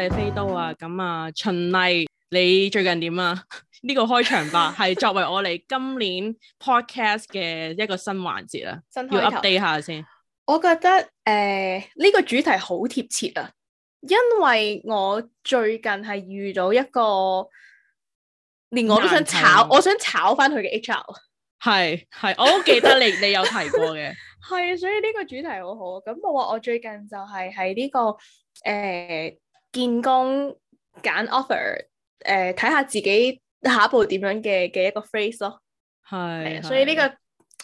係飛刀啊，咁啊秦麗，你最近點啊？呢個開場白係作為我哋今年 podcast 嘅一個新環節啦，要 update 下先。我覺得誒呢、呃這個主題好貼切啊，因為我最近係遇到一個連我都想炒，我想炒翻佢嘅 HR。係係，我都記得你 你有提過嘅。係啊， 所以呢個主題好好。咁我話我最近就係喺呢個誒。呃見工揀 offer，誒睇下自己下一步點樣嘅嘅一個 phase 咯。係的，所以呢、呢個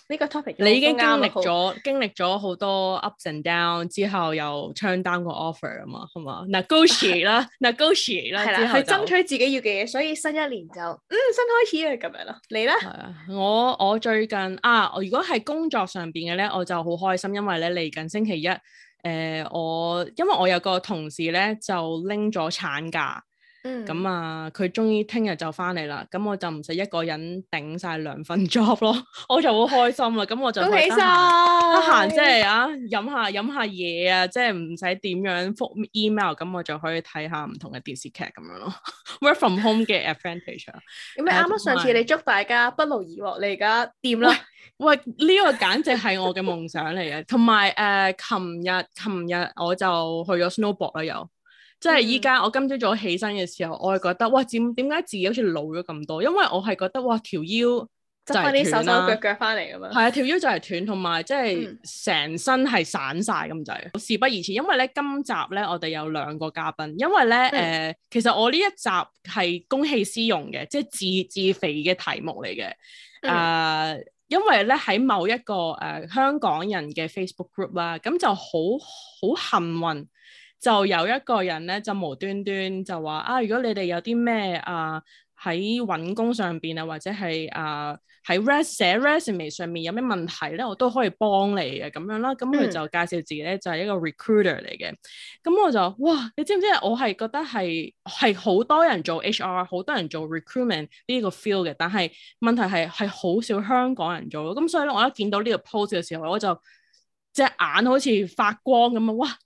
呢的個 topic 你已經經歷咗經歷咗好多 ups and down 之後又 down offer，又 turn down 個 offer 啊嘛，係嘛？ 嗱，negotiate 啦，嗱，negotiate 啦，係啦，去爭取自己要嘅嘢，所以新一年就嗯新開始啊咁樣咯。你咧？我我最近啊，我如果係工作上邊嘅咧，我就好開心，因為咧嚟緊星期一。誒、呃，我因為我有個同事咧，就拎咗產假。咁、嗯、啊，佢終於聽日就翻嚟啦，咁我就唔使一個人頂晒兩份 job 咯，我就好開心啦。咁我就咁起身得閒，即係啊飲下飲下嘢啊，即係唔使點樣復 email，咁我就可以睇下唔、啊就是、同嘅電視劇咁樣咯。 Work from home 嘅 advantage 啊、 嗯，咁你啱啦。上次你祝大家不勞而獲，你而家掂啦喂 喂。喂，呢、呢個簡直係我嘅夢想嚟嘅。同埋誒，琴日琴日我就去咗 snowboard 啦，又。即係依家，我今朝早起身嘅時候，嗯、我係覺得，哇，點點解自己好似老咗咁多？因為我係覺得，哇，條腰就係斷啦，執返啲手手腳腳返嚟咁樣，係啊，條腰就係斷，同埋即係成身係散晒咁滯。事不宜遲，因為咧今集咧我哋有兩個嘉賓，因為咧誒、嗯呃，其實我呢一集係公器私用嘅，即係自自肥嘅題目嚟嘅。誒、嗯呃，因為咧喺某一個誒、呃、香港人嘅 Facebook group 啦，咁就好好幸運。就有一個人咧，就無端端就話啊，如果你哋有啲咩啊喺揾工上邊啊，或者係啊喺寫 resume 上面有咩問題咧，我都可以幫你嘅咁樣啦。咁佢就介紹自己咧，就係一個 recruiter 嚟嘅。咁我就哇，你知唔知？我係覺得係係好多人做 HR，好多人做 recruitment 呢個 field 嘅。但係問題係係好少香港人做。咁所以咧，我一見到呢個 post 嘅時候，我就隻眼好似發光咁啊！哇～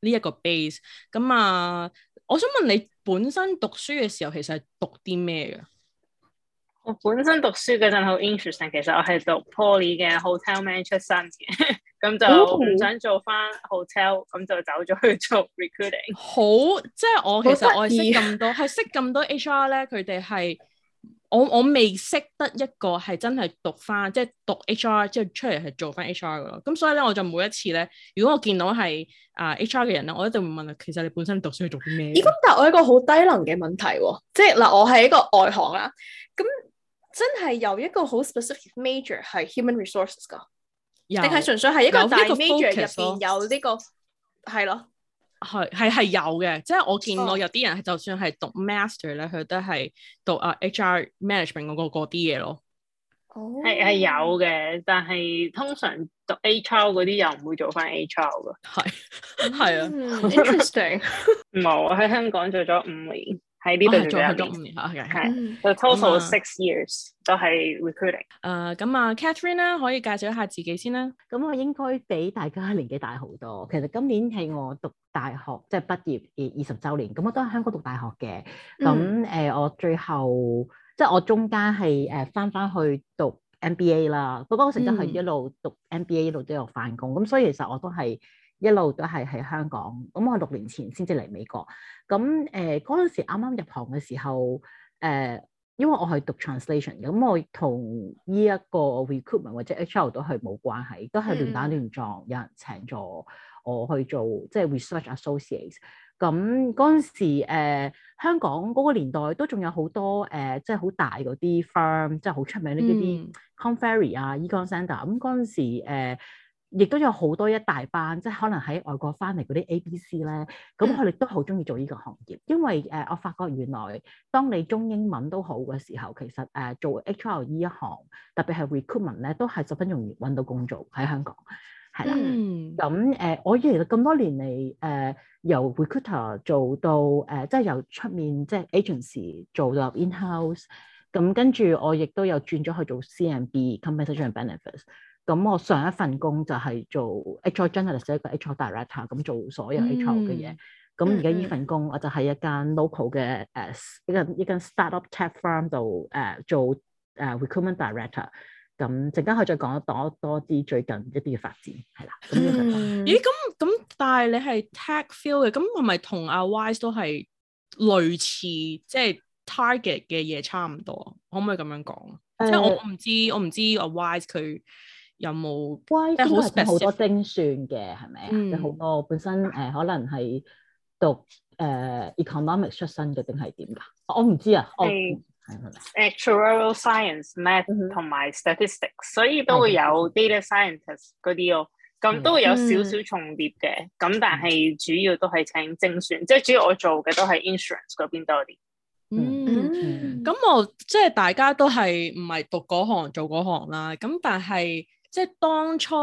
呢一個 base 咁啊！我想問你本身讀書嘅時候，其實係讀啲咩嘅？我本身讀書嗰陣好 interesting，其實我係讀 Poly 嘅 hotel man 出身嘅，咁 就唔想做翻 hotel，咁就走咗去做 recruiting。好，即係我其實我係識咁多，係識咁多 HR 咧，佢哋係。我我未識得一個係真係讀翻，即、就、係、是、讀 HR 即係出嚟係做翻 HR 嘅咯。咁所以咧，我就每一次咧，如果我見到係啊、呃、HR 嘅人咧，我一定會問啊，其實你本身讀書去做啲咩？咦？咁但係我一個好低能嘅問題喎、哦，即係嗱，我係一個外行啦。咁真係有一個好 specific major 係 human resources 噶，定係有純粹係一個大，大 major 入邊有呢個係咯、這個。啊係係係有嘅，即係我見到有啲人係、oh. 就算係讀 master 咧，佢都係讀啊 HR management 嗰個啲嘢咯。哦、oh.，係係有嘅，但係通常讀 HR 嗰啲又唔會做翻 HR 噶。係係 啊，interesting。 冇，喺香港做咗五年。喺呢度做咗五年下嘅，係、啊、total six years，都係 recruiting。誒咁啊，Catherine 啦，可以介紹一下自己先啦。咁我應該比大家年紀大好多。其實今年係我讀大學即係畢業二十週年。咁我都喺香港讀大學嘅。咁誒，我最後、mm. 即係我中間係誒翻翻去讀 MBA 啦。不過我成日係一路讀 MBA 一路都有翻工。咁所以其實我都係。一路都係喺香港，咁我六年前先至嚟美國。咁誒嗰陣時啱啱入行嘅時候，誒、呃、因為我係讀 translation 嘅，咁、嗯、我同呢一個 recruitment 或者 HR 都係冇關係，都係亂打亂撞，有人請咗我去做即係 research associates。咁嗰陣時、呃、香港嗰個年代都仲有好多誒，即係好大嗰啲 firm，即係好出名嗰啲 Korn Ferry 啊、Egon Zehnder、嗯。咁嗰陣時亦都有好多一大班，即係可能喺外國翻嚟嗰啲 A、B、C 咧，咁佢哋都好中意做呢個行業，因為誒我發覺原來當你中英文都好嘅時候，其實誒做 H、R 呢一行，特別係 recruitment 咧，都係十分容易揾到工作喺香港，係啦。咁誒、嗯，我其實咁多年嚟誒，由 recruiter 做到誒，即係由出面即係 agency 做到 in-house，咁跟住我亦都有轉咗去做 C、N、B（compensation benefits）。咁我上一份工就係做 HR Generalist 一個 HR Director 咁做所有 HR 嘅嘢。咁而家呢份工我就喺一間 local 嘅誒，依間依、嗯、間 startup tech firm 度誒做誒 recruitment director。咁陣間可以再講一多多啲最近一啲嘅發展，係啦。咦、就是？咁咁、嗯欸，但係你係 tech field 嘅，咁係咪同阿 Wise 都係類似即係、就是、target 嘅嘢差唔多？可唔可以咁樣講？嗯、即係我唔知我唔知阿 Wise 佢。有冇？即好、哎、多精算嘅，係咪啊？有好多本身誒、呃，可能係讀誒 economics、呃、出身嘅，定係點㗎？我唔知啊。係係係。Actuarial science, math,、嗯、math 同埋 statistics，所以都會有 data scientist 嗰啲咯。咁都會有少少重疊嘅。咁、嗯、但係主要都係請精算，嗯、即係主要我做嘅都係 insurance 嗰邊多啲、嗯嗯。嗯，咁我即係大家都係唔係讀嗰行做嗰行啦？咁但係。即係當初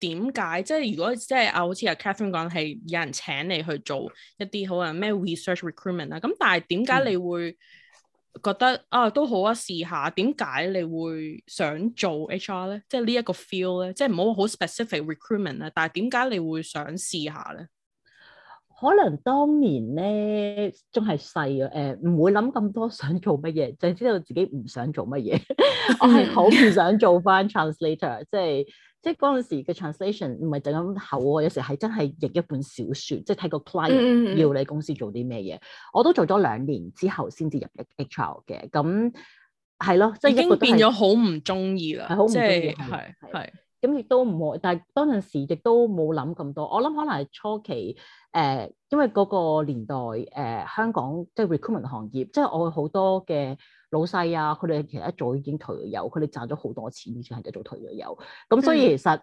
點解？即係如果即係啊，好似阿 Catherine 講係有人請你去做一啲好啊咩 research recruitment 啊？咁但係點解你會覺得、嗯、啊都好啊試下？點解你會想做 HR 咧？即係呢一個 feel 咧，即係唔好好 specific recruitment 啊？但係點解你會想試下咧？可能當年咧仲係細啊，誒唔、呃、會諗咁多想做乜嘢，淨係知道自己唔想做乜嘢。 我係好唔想做翻 translator，即係即係嗰陣時嘅 translation 唔係就咁厚啊，有時係真係譯一本小説，即係睇個 client 要你公司做啲咩嘢。嗯、我都做咗兩年之後先至入 HR 嘅，咁係咯，即係、就是、已經變咗好唔中意啦，係好唔中意，係咁亦都唔會，但係當陣時亦都冇諗咁多。我諗可能係初期，誒、呃，因為嗰個年代，誒、呃，香港即係 recruitment 行業，即係我好多嘅老細啊，佢哋其實一早已經退咗休，佢哋賺咗好多錢，以前係一早退咗休。咁所以其實誒，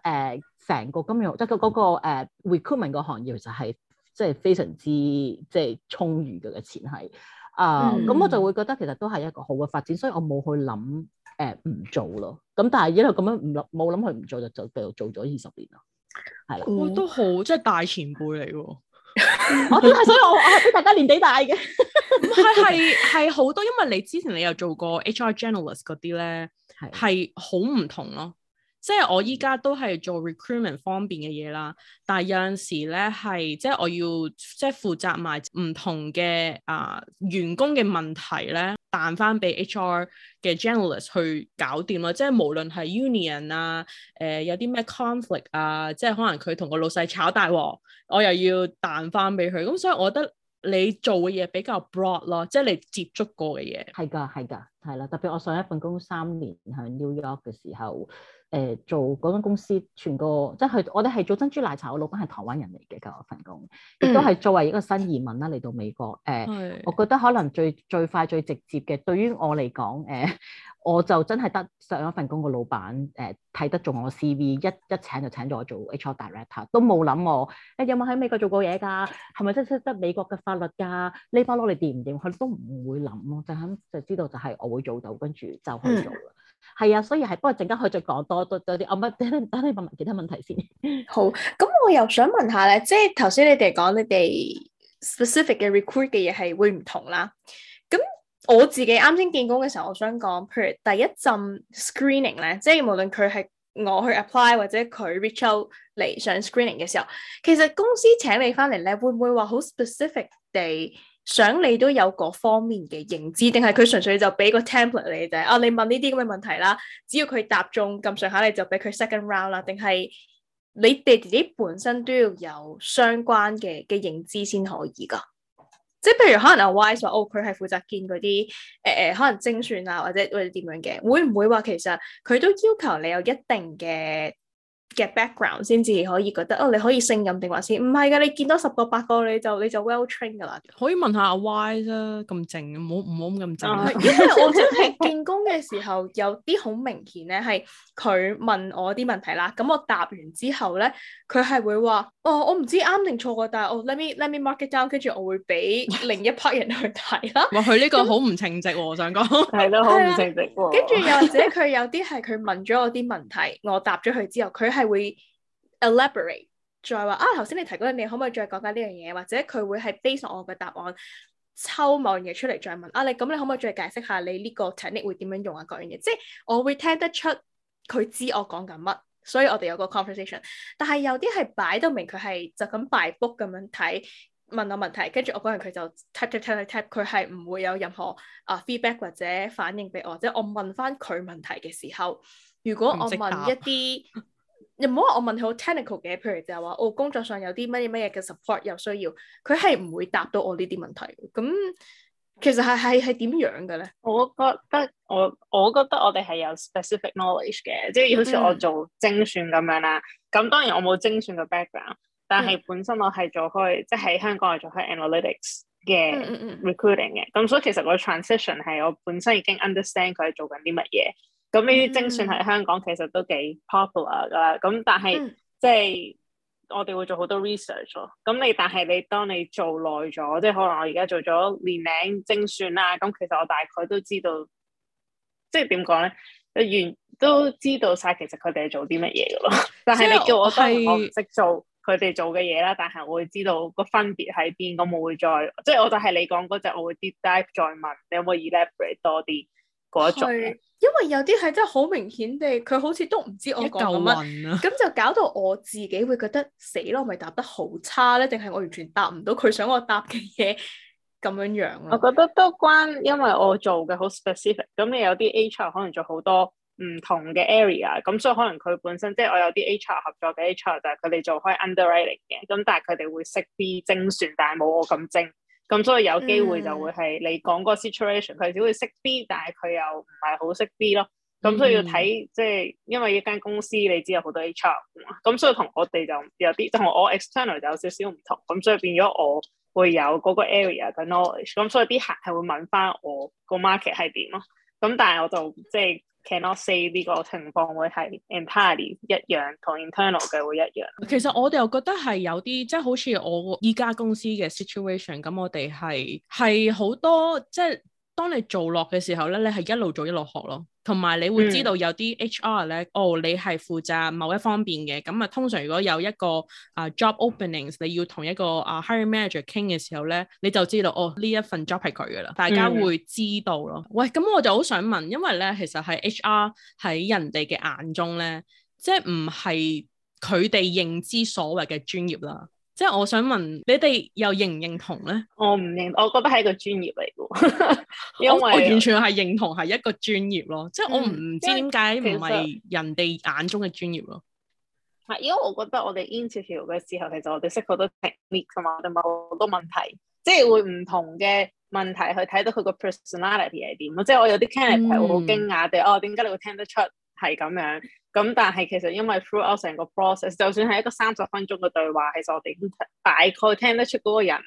成、呃、個金融即係嗰個 recruitment 個行業就係、是、即係非常之即係充裕嘅嘅錢係。啊、呃，咁、嗯、我就會覺得其實都係一個好嘅發展，所以我冇去諗。誒唔、呃、做咯，咁但係一路咁樣唔諗冇諗佢唔做就就繼續做咗二十年咯，係啦，我、嗯、都好即係大前輩嚟喎， 我都係所以我我比大家年紀大嘅，係係係好多，因為你之前你又做過 HR generalist 嗰啲咧，係係好唔同咯。即係我依家都係做 recruitment 方面嘅嘢啦，但係有陣時咧係即係我要即係負責埋唔同嘅啊、呃、員工嘅問題咧，彈翻俾 HR 嘅 generalist 去搞掂咯。即係無論係 union 啊，誒、呃、有啲咩 conflict 啊，即係可能佢同個老細炒大鑊，我又要彈翻俾佢。咁、嗯、所以我覺得你做嘅嘢比較 broad 咯，即係你接觸過嘅嘢。係㗎，係㗎。係啦，特別我上一份工三年喺 New York 嘅時候，誒做嗰間公司全個即係我哋係做珍珠奶茶，我老闆係台灣人嚟嘅嗰份工，亦都係作為一個新移民啦嚟到美國。誒，我覺得可能最最快最直接嘅，對於我嚟講，誒我就真係得上一份工嘅老闆誒睇得中我 CV，一一請就請咗我做 HR director，都冇諗我誒有冇喺美國做過嘢㗎，係咪真係得美國嘅法律㗎？呢包攞嚟掂唔掂？佢都唔會諗咯，就係就知道就係我。會做到，跟住就去做啦。係、嗯、啊，所以係，不過陣間可以再講多多多啲。我唔好等你問，問其他問題先。好，咁我又想問下咧，即係頭先你哋講你哋 specific 嘅 recruit 嘅嘢係會唔同啦。咁我自己啱先見工嘅時候，我想講，譬如第一陣 screening 咧，即係無論佢係我去 apply 或者佢 Rachel 嚟上 screening 嘅時候，其實公司請你翻嚟咧，會唔會話好 specific 地？想你都有各方面嘅認知，定係佢純粹就俾個 template 你就，哦、啊、你問呢啲咁嘅問題啦，只要佢答中咁上下你就俾佢 second round 啦。定係你哋自己本身都要有相關嘅嘅認知先可以噶。即係譬如可能阿 Y 就哦佢係負責見嗰啲誒誒可能精算啊或者或者點樣嘅，會唔會話其實佢都要求你有一定嘅？嘅 background 先至可以覺得哦，你可以勝任定話先，唔係噶，你見到十個八個你就你就 well trained 噶啦。可以問下阿 Y 啫，咁靜唔好唔好咁咁靜。因為我真係見工嘅時候有啲好明顯咧，係佢問我啲問題啦，咁我答完之後咧，佢係會話哦，我唔知啱定錯嘅，但係我、哦、let me let me mark it down，跟住我會俾另一 part 人去睇啦。佢呢個好唔稱職喎，我想講係咯，好唔稱職。跟住又或者佢有啲係佢問咗我啲問題，我答咗佢之後，佢。係會 elaborate 再話啊，頭先你提過，你可唔可以再講下呢樣嘢？或者佢會係 base on 我嘅答案抽某樣嘢出嚟再問啊？你咁，你可唔可以再解釋下你呢個 technique 會點樣用啊？各樣嘢，即係我會聽得出佢知我講緊乜，所以我哋有個 conversation。但係有啲係擺到明佢係就咁 by book 咁樣睇問我問題，跟住我嗰陣佢就 tap tap tap tap，佢係唔會有任何啊 feedback 或者反應俾我。即係我問翻佢問題嘅時候，如果我問一啲。又唔好話我問佢好 technical 嘅，譬如就話我工作上有啲乜嘢乜嘢嘅 support 有需要，佢係唔會答到我呢啲問題。咁其實係係係點樣嘅咧？我覺得我我覺得我哋係有 specific knowledge 嘅，即係好似我做精算咁樣啦。咁、嗯、當然我冇精算嘅 background，但係本身我係做開即係喺香港係做開 analytics 嘅 recruiting 嘅。咁、嗯嗯嗯、所以其實個 transition 係我本身已經 understand 佢係做緊啲乜嘢。咁呢啲精算喺香港其實都幾 popular 㗎啦。咁但係即係我哋會做好多 research 咯。咁你但係你當你做耐咗，即係可能我而家做咗年齡精算啦。咁其實我大概都知道，即係點講咧？你完都知道晒其實佢哋係做啲乜嘢㗎咯。但係你叫我睇，是我唔識做佢哋做嘅嘢啦。但係我會知道個分別喺邊。咁我會再即係，我就係你講嗰隻，我會 deep dive 再問你有冇 elaborate 多啲。係，因為有啲係真係好明顯地，佢好似都唔知我講乜，咁、啊、就搞到我自己會覺得死咯，我咪答得好差咧，定係我完全答唔到佢想我答嘅嘢咁樣樣？我覺得都關因為我做嘅好 specific，咁你有啲 HR 可能做好多唔同嘅 area，咁所以可能佢本身即係我有啲 HR 合作嘅 HR 就係佢哋做開 underwriting 嘅，咁但係佢哋會識啲精算，但係冇我咁精。咁所以有機會就會係你講嗰個 situation，佢、mm hmm. 只會識 B，但係佢又唔係好識 B 咯。咁所以要睇，mm hmm. 即係因為一間公司你知有好多 HR 嘛，咁所以同我哋就有啲，同我 external 就有少少唔同。咁所以變咗我會有嗰個 area 嘅 knowledge。咁所以啲客係會問翻我個 market 係點咯。咁但係我就即係。cannot say 呢個情況會係 entirely 一樣，同 internal 嘅會一樣。其實我哋又覺得係有啲，即係好似我依家公司嘅 situation，咁我哋係係好多即係。當你做落嘅時候咧，你係一路做一路學咯，同埋你會知道有啲 HR 咧，嗯、哦，你係負責某一方面嘅，咁啊通常如果有一個啊、呃、job openings，你要同一個啊 hiring manager 傾嘅時候咧，你就知道哦呢一份 job 係佢嘅啦，大家會知道咯。嗯、喂，咁我就好想問，因為咧其實喺 HR 喺人哋嘅眼中咧，即係唔係佢哋認知所謂嘅專業啦？即係我想問你哋又認唔認同咧？我唔認，我覺得係一個專業嚟嘅， 因為 我我完全係認同係一個專業咯。嗯、即係是我唔知點解唔係人哋眼中嘅專業咯。係因為我覺得我哋 interview 嘅時候，其實我哋識好多 technique 啊嘛，我哋問好多問題，即係會唔同嘅問題去睇到佢個 personality 係點咯。即係我有啲 candidate 好驚訝地哦，點解你會聽得出係咁樣？咁但係其實因為 throughout 成個 process，就算係一個三十分鐘嘅對話，其實我哋大概聽得出嗰個人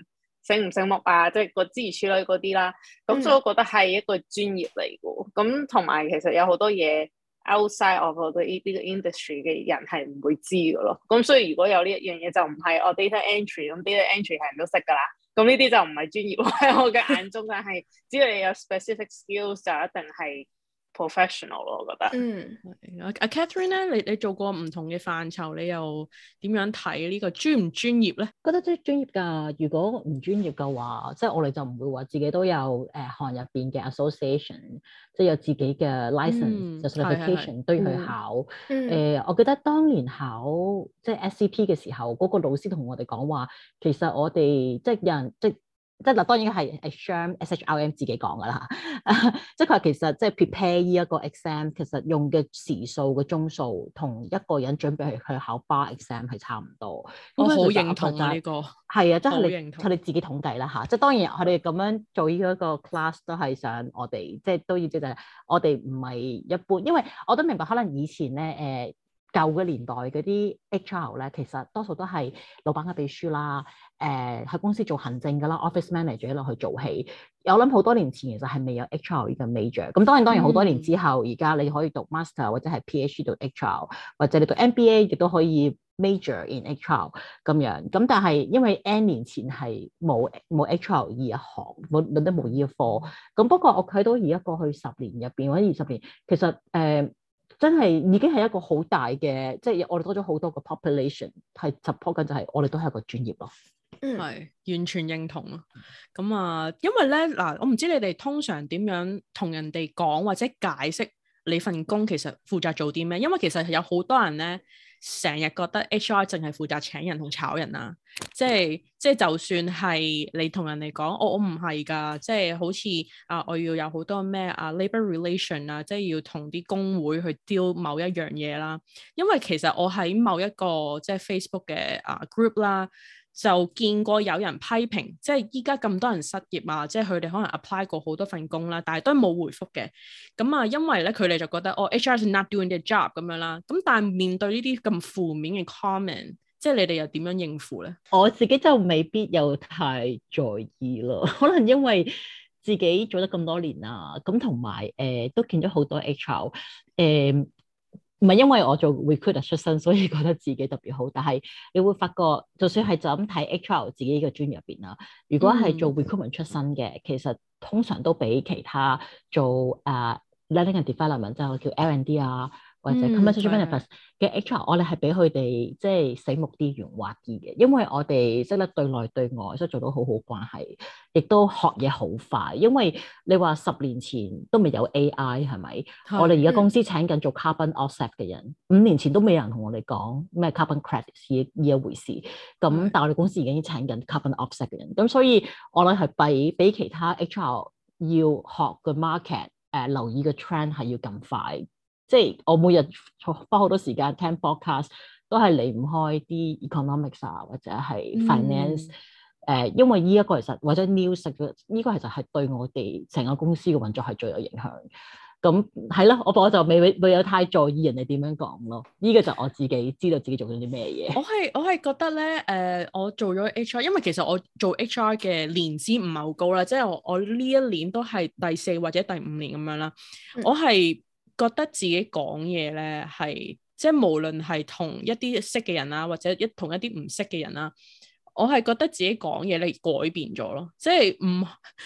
醒唔醒目啊，即係個支持處理嗰啲啦。咁所以我覺得係一個專業嚟嘅。咁同埋其實有好多嘢 outside of 呢個 industry 嘅人係唔會知嘅咯。咁所以如果有呢一樣嘢就唔係我 data entry，咁 data entry 係人都識㗎啦。咁呢啲就唔係專業喎。喺我嘅眼中，就係只要你有 specific skills 就一定係。Professional 咯，我覺得。嗯，阿 Catherine 咧，你你做過唔同嘅範疇，你又點樣睇呢、呢個專唔專業咧？覺得都專業㗎。如果唔專業嘅話，即係我哋就唔會話自己都有誒、呃、行入邊嘅 association，即係有自己嘅 license 就 certification 都要去考。誒、嗯嗯呃，我記得當年考即係 SCP 嘅時候，嗰、嗰個老師同我哋講話，其實我哋即係有人即。即係嗱，當然係 s h a m S H R M 自己講噶啦，即係佢話其實即係 prepare 呢一個 exam，其實用嘅時數個鐘數，同一個人準備去去考 bar exam 係差唔多。我好認同呢、啊這個，係啊，即係你認同。佢哋自己統計啦吓。即、就、係、是、當然，佢哋咁樣做呢一個 class 都係想我哋即係都要即就道、是，我哋唔係一般，因為我都明白可能以前咧誒。呃舊嘅年代嗰啲 H.R. 咧，其實多數都係老闆嘅秘書啦，誒、呃、喺公司做行政㗎啦 ，office manager 一路去做起。我諗好多年前其實係未有 H.R. 嘅 major。咁當然當然好多年之後，而家、嗯、你可以讀 master 或者係 Ph.D. 讀 H.R. 或者你讀 M.B.A. 亦都可以 major in H.R. 咁樣。咁但係因為 N 年前係冇冇 H.R. 依一行，冇得冇依個科。咁不過我睇到而家過去十年入邊或者二十年，其實誒。呃真係已經係一個好大嘅，即係我哋多咗好多個 population 係 support 緊，就係我哋都係一個專業咯。嗯，係完全認同咯。咁啊，因為咧嗱、啊，我唔知你哋通常點樣同人哋講或者解釋你份工其實負責做啲咩？因為其實有好多人咧。成日覺得 HR 淨係負責請人同炒人啊，即係即係就算係你同人嚟講，我我唔係噶，即係好似啊、呃，我要有好多咩啊，Labor Relation 啊，Rel ation, 即係要同啲工會去 deal 某一樣嘢啦，因為其實我喺某一個即係 Facebook 嘅啊 group 啦。就見過有人批評，即係依家咁多人失業啊，即係佢哋可能 apply 過好多份工啦，但係都係冇回覆嘅。咁啊，因為咧佢哋就覺得哦，HR is not doing the job 咁樣啦。咁但係面對呢啲咁負面嘅 comment，即係你哋又點樣應付咧？我自己就未必又太在意咯，可能因為自己做得咁多年啊，咁同埋誒都見咗好多 HR 誒、呃。唔係因為我做 recruiter 出身，所以覺得自己特別好。但係你會發覺，就算係就咁睇 HR 自己個專業入邊啦，如果係做 recruitment 出身嘅，嗯、其實通常都比其他做誒、uh, learning and development，即係叫 L&D 啊。或者 commercial benefits 嘅 HR，嗯、我哋係俾佢哋即係醒目啲、圓滑啲嘅，因為我哋即係咧對內對外，所以做到好好關係，亦都學嘢好快。因為你話十年前都未有 AI 係咪？是我哋而家公司請緊做 carbon offset 嘅人，嗯、五年前都未有人同我哋講咩 carbon credit 呢一回事。咁但係我哋公司已經請緊 carbon offset 嘅人，咁所以我諗係比比其他 HR 要學個 market 誒、呃，留意個 trend 係要咁快。即係我每日花好多時間聽 podcast，都係離唔開啲 economics 啊，或者係 finance。誒，因為呢一個其實或者 news，呢個其實係對我哋成個公司嘅運作係最有影響。咁係咯，我我就未未有太在意人哋點樣講咯。呢個就我自己知道自己做緊啲咩嘢。我係我係覺得咧，誒，我做咗 HR，因為其實我做 HR 嘅年資唔係好高啦，即係我我呢一年都係第四或者第五年咁樣啦，嗯，我係。覺得自己講嘢咧係即係無論係同一啲識嘅人啊，或者一同一啲唔識嘅人啦，我係覺得自己講嘢咧改變咗咯，即係唔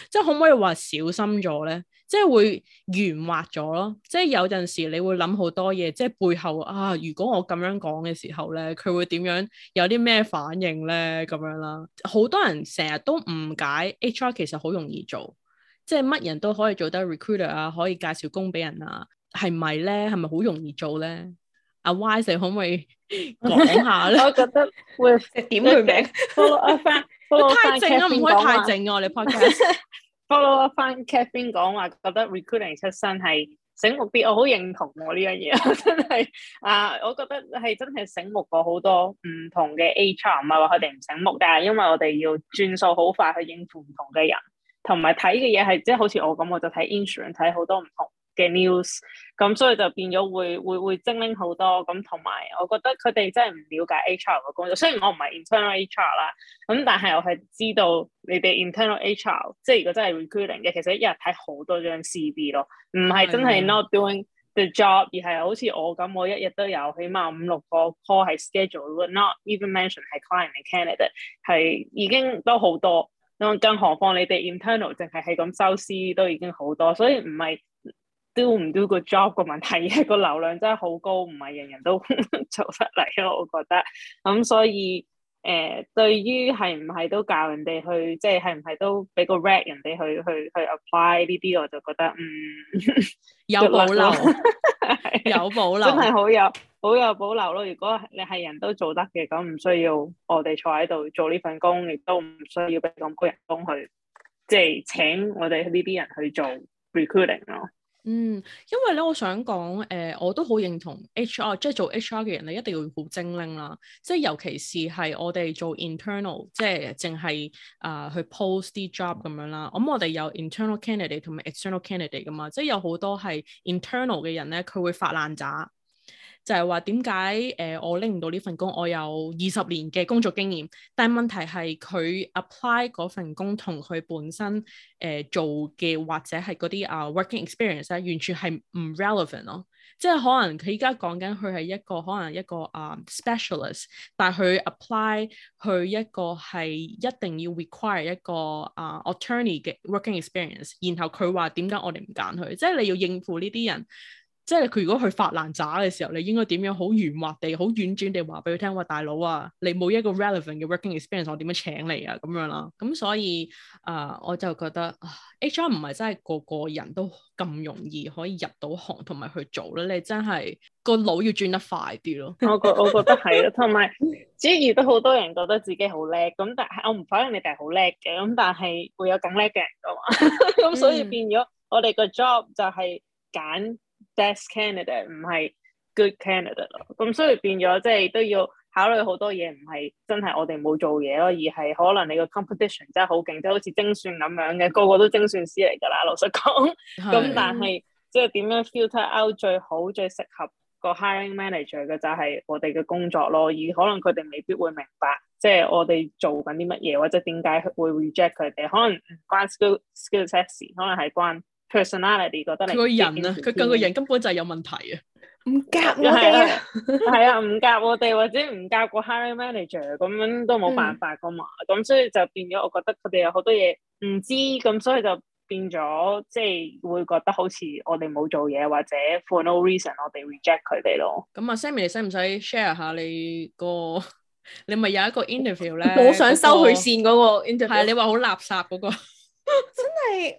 即係可唔可以話小心咗咧？即係會圓滑咗咯。即係有陣時你會諗好多嘢，即係背後啊，如果我咁樣講嘅時候咧，佢會點樣有啲咩反應咧？咁樣啦，好多人成日都誤解，HR 其實好容易做，即係乜人都可以做得 recruiter 啊，可以介紹工俾人啊。係咪咧？係咪好容易做咧？阿 Y 仔可唔可以講下咧？ 我覺得會點佢名 follow up 翻，佢 太靜啊，唔可以太靜啊！你拍 follow up 翻 Captain 講話，覺得 recruiting 出身係醒目啲，我好認同我呢樣嘢，真係 啊！我覺得係真係醒目過好多唔同嘅 HR，唔係話佢哋唔醒目，但係因為我哋要轉數好快去應付唔同嘅人，同埋睇嘅嘢係即係好似我咁，我就睇 insurance 睇好多唔同。嘅 news，咁所以就變咗會會會精靈好多，咁同埋我覺得佢哋真係唔了解 HR 嘅工作。雖然我唔係 internal HR 啦，咁但係我係知道你哋 internal HR，即係如果真係 recruiting 嘅，其實一日睇好多張 CV 咯，唔係真係 not doing the job，的而係好似我咁，我一日都有起碼五六個 call 係 schedule，not even mention 係 client and candidate，係已經都好多。咁更何況你哋 internal 淨係係咁收 CV 都已經好多，所以唔係。Do 唔 do 個 job 個問題，個流量真係好高，唔係人人都 做得嚟咯。我覺得咁，所以誒、呃，對於係唔係都教人哋去，即係係唔係都俾個 rap 人哋去去去，去 apply 呢啲，我就覺得嗯 有保留， 是有保留， 真係好有好有保留咯。如果你係人都做得嘅，咁唔需要我哋坐喺度做呢份工，亦都唔需要俾咁高人工去，即係請我哋呢啲人去做 recruiting 咯。嗯，因為咧，我想講，誒、呃，我都好認同 H R，即係做 H R 嘅人咧，一定要好精靈啦，即係尤其是係我哋做 internal，即係淨係啊去 post 啲 job 咁樣啦。咁我哋有 internal candidate 同埋 external candidate 噶嘛，即係有好多係 internal 嘅人咧，佢會發爛渣。就係話點解誒我拎唔到呢份工？我有二十年嘅工作經驗，但係問題係佢 apply 嗰份工同佢本身誒、呃、做嘅或者係嗰啲啊 working experience 咧，完全係唔 relevant 咯。即係可能佢依家講緊佢係一個可能一個啊、uh, specialist，但係佢 apply 去一個係一定要 require 一個啊、uh, attorney 嘅 working experience，然後佢話點解我哋唔揀佢？即係你要應付呢啲人。即係佢如果去發爛渣嘅時候，你應該點樣好圓滑地、好婉轉地話俾佢聽話，大佬啊，你冇一個 relevant 嘅 working experience，我點樣請你啊咁樣啦。咁所以啊、呃，我就覺得啊，HR 唔係真係個個人都咁容易可以入到行同埋去做咧。你真係個腦要轉得快啲咯。我覺我覺得係啊，同埋只係遇到好多人覺得自己好叻咁，但係我唔否認你哋係好叻嘅。咁但係會有咁叻嘅人㗎嘛。咁、 嗯、 所以變咗我哋個 job 就係揀。Best candidate 唔係 good candidate 咯，咁所以變咗即係都要考慮好多嘢，唔係真係我哋冇做嘢咯，而係可能你個 competition 真係好勁，即係好似精算咁樣嘅，個個都精算師嚟噶啦。老實講，咁但係是即係點樣 filter out 最好最適合個 hiring manager 嘅就係我哋嘅工作咯，而可能佢哋未必會明白，即、就、係、是、我哋做緊啲乜嘢，或者點解會 reject 佢哋，可能唔關 skill skill s e sk sk 可能係關。佢個人啊，佢咁個人根本就係有問題啊！唔 夾我係啊，唔夾我哋或者唔夾個 hiring manager 咁樣都冇辦法噶嘛。咁、嗯、所以就變咗，我覺得佢哋有好多嘢唔知，咁所以就變咗即係會覺得好似我哋冇做嘢或者 for no reason 我哋 reject 佢哋咯。咁、嗯、啊，Sammy 你使唔使 share 下你，你、那個你咪有一個 interview 咧？我想收佢線嗰個 interview，係 你話好垃圾嗰、嗰個， 真係。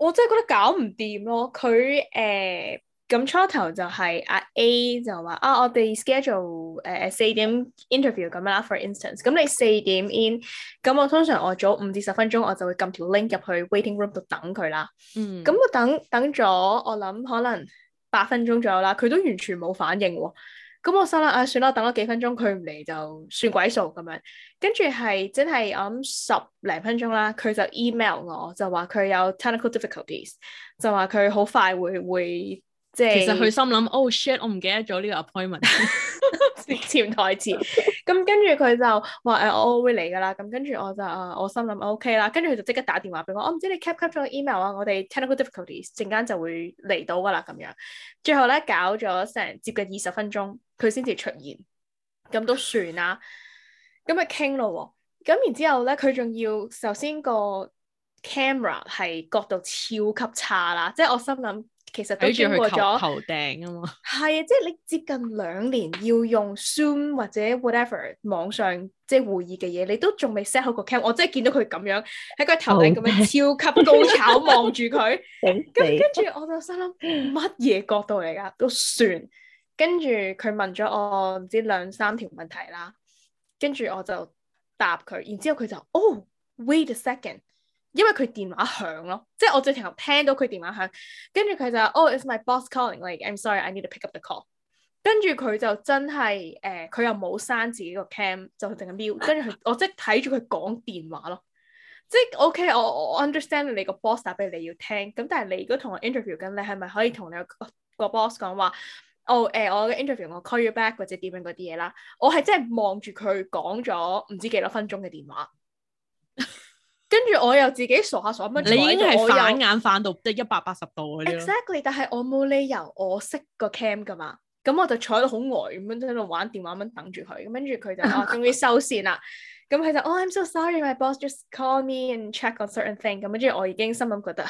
我真係覺得搞唔掂咯，佢誒咁初頭就係阿 A 就話啊，我哋 schedule 誒四點 interview 咁樣啦，for instance，咁你四點 in，咁我通常我早五至十分鐘我就會撳條 link 入去 waiting room 度等佢啦。嗯，咁我等等咗，我諗可能八分鐘左右啦，佢都完全冇反應喎。咁我心諗，啊，算啦，等咗幾分鐘佢唔嚟就算鬼數咁樣，跟住係真係我諗十零分鐘啦，佢就 email 我就話佢有 technical difficulties，就話佢好快會會。其實佢心諗，哦，shit，我唔記得咗呢個 appointment 潛 台詞詞。咁跟住佢就話誒、 啊，我會嚟噶啦。咁跟住我就我心諗，O K 啦。跟住佢就即刻打電話俾我，我唔知你 cap 唔 cap 咗 email 啊。我哋 technical difficulties，陣間就會嚟到噶啦咁樣。最後咧搞咗成接近二十分鐘，佢先至出現，咁都算啦。咁咪傾咯。咁然之後咧，佢仲要首先個 camera 係角度超級差啦，即係我心諗。其實都對住佢咗頭頂啊嘛，係啊，即係你接近兩年要用 Zoom 或者 whatever 網上即係會議嘅嘢，你都仲未 set 好個 cam。我真係見到佢咁樣喺佢頭頂咁樣超級高炒望住佢，咁 Okay. 跟住我就心諗乜嘢角度嚟㗎，都算。跟住佢問咗我唔知兩三條問題啦，跟住我就答佢，然之後佢就哦、oh, wait a second。因為佢電話響咯，即係我直頭聽到佢電話響，跟住佢就話：哦、oh，it's my boss calling like I'm sorry，I need to pick up the call。跟住佢就真係誒，佢、呃、又冇刪自己個 cam，就淨係瞄。跟住佢，我即係睇住佢講電話咯，即係 OK，我我 understand 你個 boss 打俾你要聽。咁但係你如果同我 interview 緊，你係咪可以同你個 boss 講話？哦誒、呃，我嘅 interview 我 call you back 或者點樣嗰啲嘢啦。我係真係望住佢講咗唔知幾多分鐘嘅電話。跟住我又自己傻下傻乜，你已經係反眼反到即係一百八十度又 Exactly，但係我冇理由，我識個 cam 㗎嘛，咁我就坐到好呆咁樣喺度玩電話咁樣等住佢。咁跟住佢就哦、 啊，終於收線啦。咁佢就哦、oh，I'm so sorry，my boss just call me and check on certain things。咁跟住我已經心諗覺得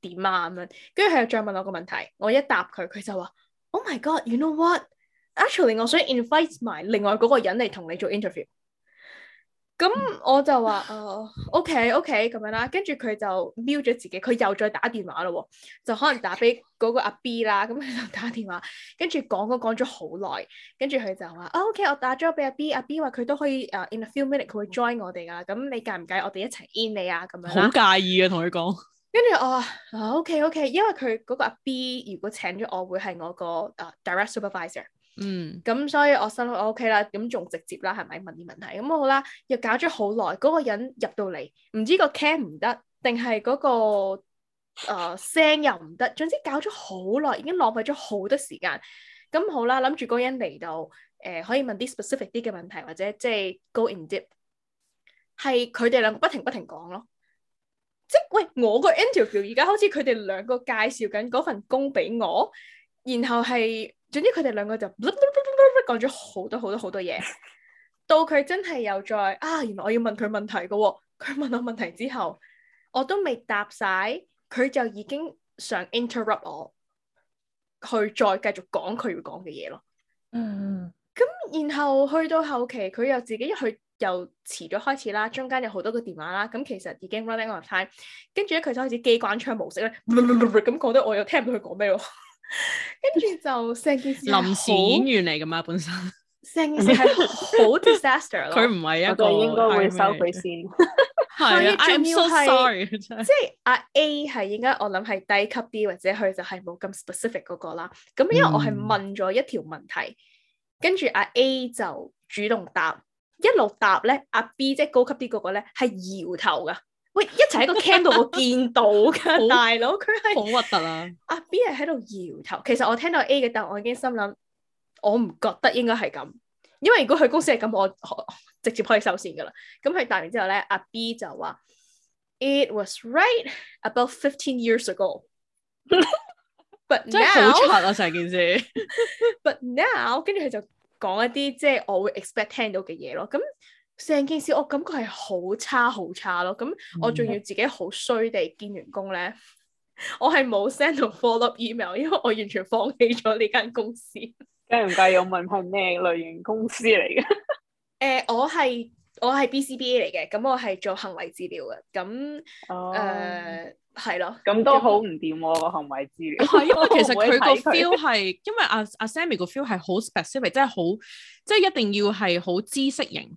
點啊咁樣。跟住佢又再問我個問題，我一答佢，佢就話：Oh my god，you know what？Actually，我想 invite 埋另外嗰個人嚟同你做 interview。咁、嗯嗯、我就話 哦 o k OK 咁、okay, 樣啦，跟住佢就瞄咗自己，佢又再打電話咯喎，就可能打俾嗰個阿 B 啦，咁佢就打電話，跟住講講講咗好耐，跟住佢就話啊、哦、OK，我打咗俾阿 B，阿 B 話佢都可以誒、uh,，in a few minutes 佢會 join 我哋㗎啦，咁你介唔介意我哋一齊 in 你啊？咁樣，好介意嘅，同佢講。跟住我話、哦、OK OK，因為佢嗰個阿 B 如果請咗我，會係我個啊、uh, direct supervisor。嗯，咁所以我心諗 OK 啦，咁仲直接啦，係咪問啲問題咁好啦？又搞咗好耐，嗰、嗰個人入到嚟，唔知個 cam 唔得，定係嗰個誒聲、呃、又唔得？總之搞咗好耐，已經浪費咗好多時間。咁好啦，諗住嗰人嚟到，誒、呃、可以問啲 specific 啲嘅問題，或者即係 go in deep，係佢哋兩個不停不停講咯。即係喂，我個 interview 而家好似佢哋兩個介紹緊嗰份工俾我，然後係。總之佢哋兩個就講咗好多好多好多嘢，到佢真係又再啊，原來我要問佢問題嘅，哦，佢問我問題之後，我都未答晒，佢就已經想 interrupt 我，去再繼續講佢要講嘅嘢咯。嗯、mm，咁、hmm。然後去到後期，佢又自己一去又遲咗開始啦，中間有好多個電話啦，咁其實已經 running out of time，跟住咧佢就開始機關槍模式咧，咁講得我又聽唔到佢講咩咯。跟住就成件事臨時演員嚟噶嘛，本身成件事係好 disaster。佢唔係一個我應該會收佢先，係 sorry 即係阿 A 係應該我諗係低級啲，或者佢就係冇咁 specific 嗰個啦。咁因為我係問咗一條問題，嗯、跟住阿 A 就主動答，一路答咧，阿 B 即係高級啲嗰個咧係搖頭噶。喂，一齊喺個 camp 度，我見到嘅大佬佢係好核突啊！阿 B 係喺度搖頭，其實我聽到 A 嘅答案，我已經心諗，我唔覺得應該係咁，因為如果佢公司係咁，我直接可以收線噶啦。咁佢答完之後咧，阿 B 就話：It was right about fifteen years ago，but now, 真係好柒啊！成件事 ，but now 跟住佢就講一啲即係我會 expect 聽到嘅嘢咯，咁。成件事我感覺係好差好差咯，咁我仲要自己好衰地見員工咧， 我係冇 send 到 follow up email，因為我完全放棄咗呢間公司。介唔介意我問係咩類型公司嚟嘅？誒、 呃，我係我係 B C B A 嚟嘅，咁我係做行為治療嘅，咁誒係咯。咁都好唔掂喎，個、呃行，啊、行為治療。係 因為其實佢個 feel 係， 因為阿阿 Sammy 個 feel 係好 s p e c i f i c 即係好即係一定要係好知識型。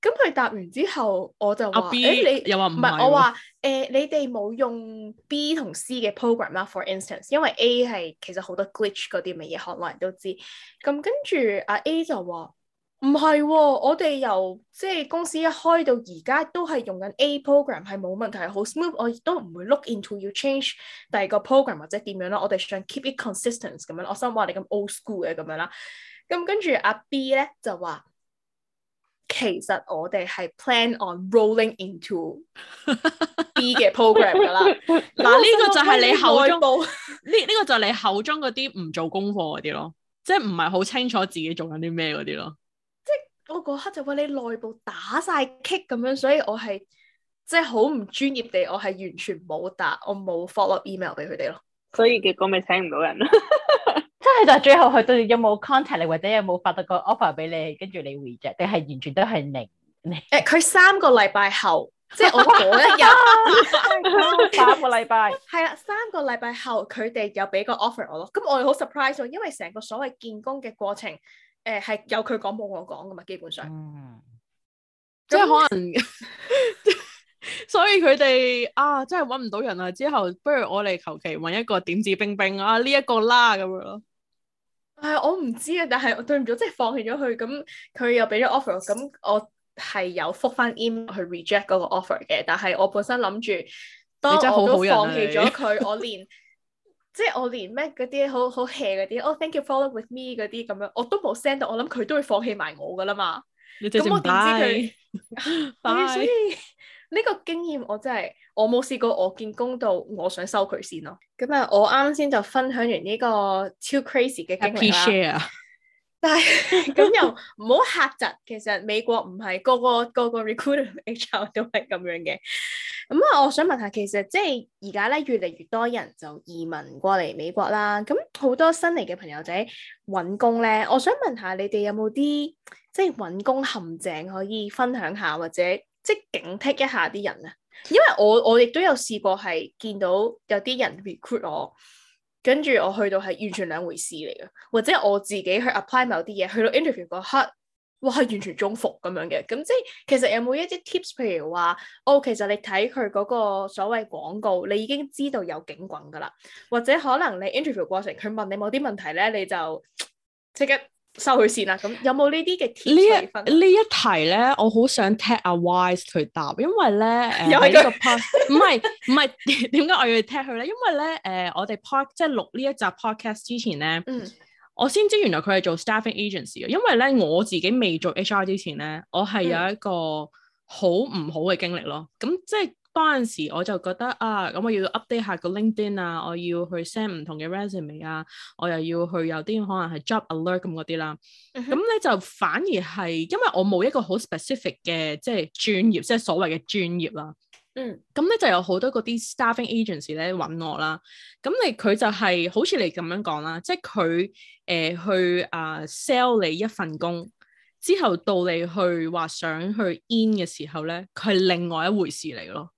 咁佢答完之後，我就話：誒 B、欸、你又話唔係？我話誒、呃、你哋冇用 B 同 C 嘅 program 啦，for instance，因為 A 係其實好多 glitch 嗰啲乜嘢，行內人都知。咁跟住阿 A 就話：唔係喎，我哋由即係、就是、公司一開到而家都係用緊 A program，係冇問題，好 smooth，我亦都唔會 look into 要 change 第二個 program 或者點樣啦。我哋想 keep it consistent 咁樣。我想話你咁 old school 嘅咁樣啦。咁跟住阿 B 咧就話。其實我哋係 plan on rolling into B 嘅 program 噶啦，嗱呢 個就係你口中呢呢 個就係你口中嗰啲唔做功課嗰啲咯，即係唔係好清楚自己做緊啲咩嗰啲咯。即係我嗰刻就話你內部打晒 kick 咁樣，所以我係即係好唔專業地，我係完全冇答，我冇 follow email 俾佢哋咯。所以結果咪請唔到人啦。 即係就最後佢到底有冇 contact 你或者有冇發到個 offer 俾你，跟住你回 e 定係完全都係零？誒，佢、欸、三個禮拜後， 即係我嗰一日三個禮拜係啦。三個禮拜後佢哋又俾個 offer 我咯，咁我哋好 surprise 喎，因為成個所謂見工嘅過程，誒、呃、係有佢講冇我講㗎嘛，基本上，嗯、即係可能， 所以佢哋啊，真係揾唔到人啊！之後不如我哋求其揾一個點指兵兵啊，呢一個啦咁樣咯。啊啊啊啊啊啊啊、哎！我唔知啊，但係我對唔住，即係放棄咗佢。咁佢又俾咗 offer，咁我係有覆翻 email 去 reject 嗰個 offer 嘅。但係我本身諗住，當我都放棄咗佢，啊、我連 即係我連 make 嗰啲好好 hea 嗰啲，哦、oh,，thank you follow up with me 嗰啲咁樣，我都冇 send 到。我諗佢都會放棄埋我噶啦嘛。咁最我點知佢？呢個經驗我真係我冇試過，我見公道，我想收佢先咯。咁啊，我啱先就分享完呢個超 crazy 嘅經歷啦。但係咁、 嗯、又唔好嚇窒，其實美國唔係個個個個 recruiter、HR 都係咁樣嘅。咁啊，我想問下，其實即係而家咧，越嚟越多人就移民過嚟美國啦。咁好多新嚟嘅朋友仔揾工咧，我想問下你哋有冇啲即係揾工陷阱可以分享下，或者？即警惕一下啲人啊，因為我我亦都有試過係見到有啲人 recruit 我，跟住我去到係完全兩回事嚟噶，或者我自己去 apply 某啲嘢，去到 interview 嗰刻，哇係完全中伏咁樣嘅，咁、嗯、即其實有冇一啲 tips？譬如話，哦其實你睇佢嗰個所謂廣告，你已經知道有警棍噶啦，或者可能你 interview 過程佢問你某啲問題咧，你就即刻。收佢線啦，咁有冇呢啲嘅呢一呢一題咧，我好想踢阿、啊、Wise 佢答，因為咧誒，有呢個 part 唔係唔係點解我要踢佢咧？因為咧誒、呃，我哋 pod 即係錄呢一集 podcast 之前咧，嗯、我先知原來佢係做 staffing agency 嘅。因為咧我自己未做 HR 之前咧，我係有一個好唔好嘅經歷咯。咁、嗯、即係。嗰陣時，我就覺得啊，咁我要 update 下個 LinkedIn 啊，我要去 send 唔同嘅 resume 啊，我又要去有啲可能係 job alert 咁嗰啲啦。咁咧、嗯、哼就反而係因為我冇一個好 specific 嘅即係專業，即係所謂嘅專業啦。嗯，咁咧就有好多嗰啲 staffing agency 咧搵我啦。咁你佢就係、是、好似你咁樣講啦，即係佢誒去啊 sell、呃、你一份工之後，到你去話想去 in 嘅時候咧，佢係另外一回事嚟咯。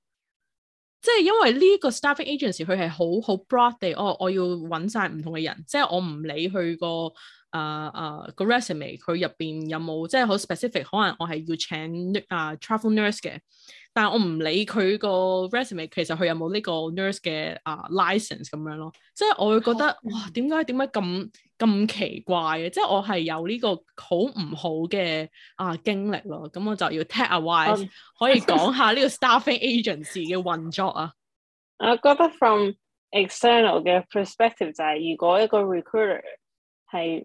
即係因為呢個 staffing agency 佢係好好 broad 嘅、哦，我我要揾晒唔同嘅人，即係我唔理佢個誒誒個 resume 佢入邊有冇即係好 specific，可能我係要請啊、呃、travel nurse 嘅。但係我唔理佢個 resume，其實佢有冇呢個 nurse 嘅啊 license 咁樣咯，即係我會覺得、oh, 哇，點解點解咁咁奇怪嘅？即係我係有呢個好唔好嘅啊、uh, 經歷咯，咁我就要 tell 阿 Y 可以講下呢個 staffing agency 嘅運作啊。我覺得 from external 嘅 perspective 就係、是、如果一個 recruiter 係。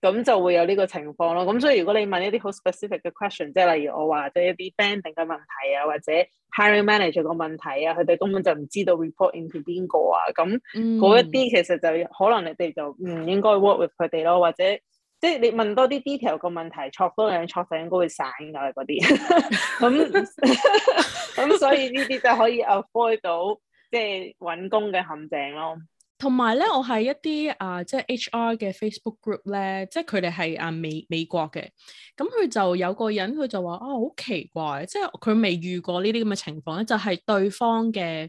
咁就會有呢個情況咯。咁所以如果你問一啲好 specific 嘅 question，即係例如我話即一啲 banding 嘅問題啊，或者 hiring manager 個問題啊，佢哋根本就唔知道 report into 邊個啊。咁嗰一啲其實就可能你哋就唔應該 work with 佢哋咯，或者即係你問多啲 detail 個問題，戳多兩戳就應該會散咗嘅嗰啲。咁咁 那 所以呢啲就可以 avoid 到即係揾工嘅陷阱咯。同埋咧，我喺一啲啊、呃，即係 HR 嘅 Facebook group 咧，即係佢哋係啊美美國嘅，咁佢就有個人佢就話啊，好、哦、奇怪，即係佢未遇過呢啲咁嘅情況咧，就係、是、對方嘅。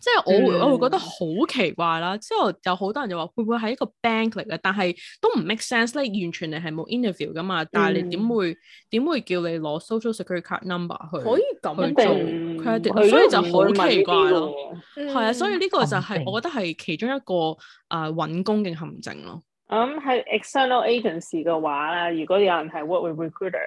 即係我會，我會覺得好奇怪啦！之後、嗯、有好多人就話，會唔會係一個 bank 嚟嘅？但係都唔 make sense 咧，完全你係冇 interview 噶嘛？嗯、但係你點會點會叫你攞 social security card number 去？可以咁樣做是所以就好奇怪咯、這個。係啊、嗯，所以呢個就係我覺得係其中一個啊揾、呃、工嘅陷阱咯。咁喺、嗯、external agency 嘅話咧，如果有人係 work with recruiter，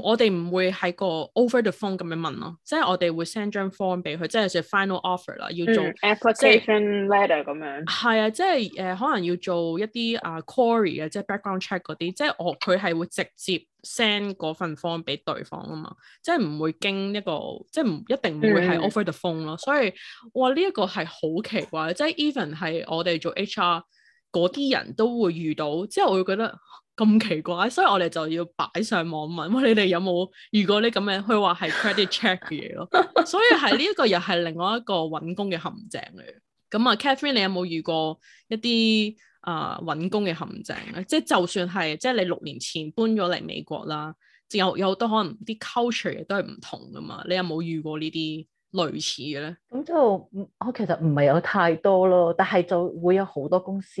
我哋唔會喺個 over the phone 咁樣問咯，即係我哋會 send 張 form 俾佢，即係做 final offer 啦，要做 application letter 咁樣。係啊，即係誒、呃，可能要做一啲啊、uh, query 啊，即係 background check 嗰啲，即係我佢係會直接 send 嗰份 form 俾對方啊嘛，即係唔會經一、這個，即係唔一定唔會係 over the phone 咯。嗯、所以哇，呢、這、一個係好奇怪，即係 even 係我哋做 HR 嗰啲人都會遇到，即係我會覺得。咁奇怪，所以我哋就要擺上網問問你哋有冇遇過？如果你咁樣，佢話係 credit check 嘅嘢咯， 所以係呢一個又係另外一個揾工嘅陷阱嚟。咁啊，Catherine，你有冇遇過一啲啊揾工嘅陷阱咧？即係就算係，即係你六年前搬咗嚟美國啦，仲有有好多可能啲 culture 都係唔同噶嘛？你有冇遇過呢啲類似嘅咧？咁就我其實唔係有太多咯，但係就會有好多公司。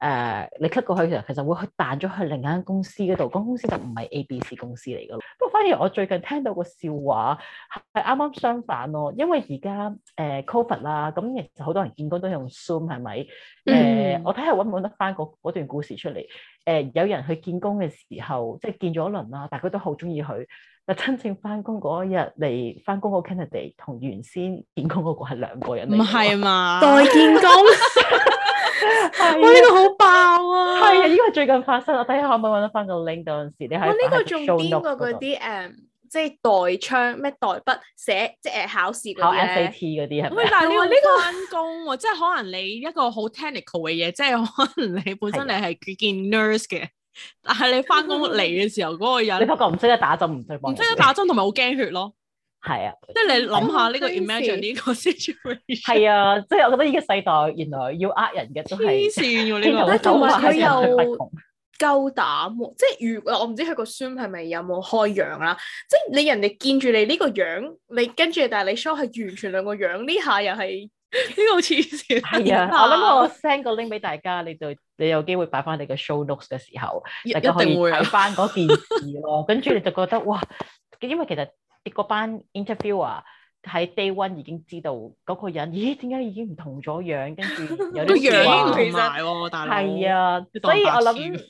誒，uh, 你 cut 過去嘅時候，其實會去彈咗去另一間公司嗰度，嗰間公司就唔係 ABC 公司嚟噶咯。不過反而我最近聽到個笑話係啱啱相反咯，因為而家誒 COVID 啦，咁其實好多人見工都用 Zoom 係咪？誒、嗯呃，我睇下揾唔揾得翻嗰段故事出嚟。誒、呃，有人去見工嘅時候，即係見咗輪啦，大家都好中意佢。嗱，真正翻工嗰一日嚟翻工個 candidate 同原先見工嗰個係兩個人，唔係嘛？代見工。 哇呢個好爆啊！係啊，呢個最近發生，啊。睇下可唔可以搵到翻個 link。到陣時你喺我呢個仲編過嗰啲誒，即係代槍、咩代筆寫，即係考試考 SAT 嗰啲係咪？喂，但係你話呢個翻工喎，即係可能你一個好 technical 嘅嘢，即係可能你本身你係見 nurse 嘅，但係你翻工嚟嘅時候嗰個人，你不過唔識得打針唔對，唔識得打針同埋好驚血咯。係啊，即係你諗下呢個 imagine 呢個 situation。係啊，即係我覺得依個世代原來要呃人嘅都係黐線喎，呢個手法係又夠膽喎！即係如我唔知佢個 show 係咪有冇開揚啦？即係你人哋見住你呢個樣，你跟住但係你 show 係完全兩個樣，呢下又係呢個黐線。係啊，我諗我 send 個 link 俾大家，你就你有機會擺翻你嘅 show notes 嘅時候，你就可以睇翻嗰件事咯。跟住你就覺得哇，因為其實。嗰班 interviewer 喺 day one 已經知道嗰個人，咦？點解已經唔同咗樣？跟住有啲事啊， 其實係 啊，所以我諗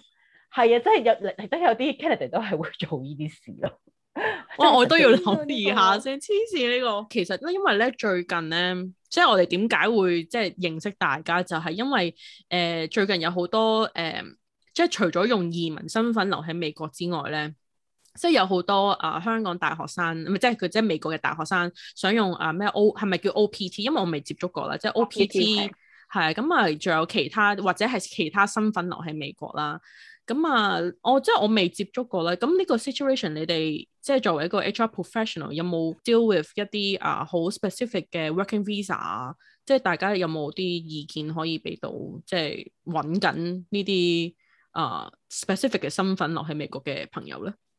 係啊，真係有係真有啲 candidate 都係會做呢啲事咯、啊。哇！ 我都要諗下先，黐線呢個。其實咧，因為咧最近咧，即係我哋點解會即係認識大家，就係、是、因為誒、呃、最近有好多誒、呃，即係除咗用移民身份留喺美國之外咧。即係有好多啊、呃，香港大學生唔係即係佢即係美國嘅大學生，想用啊咩、呃、O 係咪叫 OPT？因為我未接觸過啦，即係 OPT 係咁啊，仲、 嗯嗯、有其他或者係其他身份落喺美國啦。咁、嗯、啊，嗯嗯哦、即我即係我未接觸過啦。咁、嗯、呢、嗯、個 situation，你哋即係作為一個 HR professional，有冇 deal with 一啲啊好 specific 嘅 working visa 啊？即係大家有冇啲意見可以俾到？即係揾緊呢啲啊 specific 嘅身份落喺美國嘅朋友咧？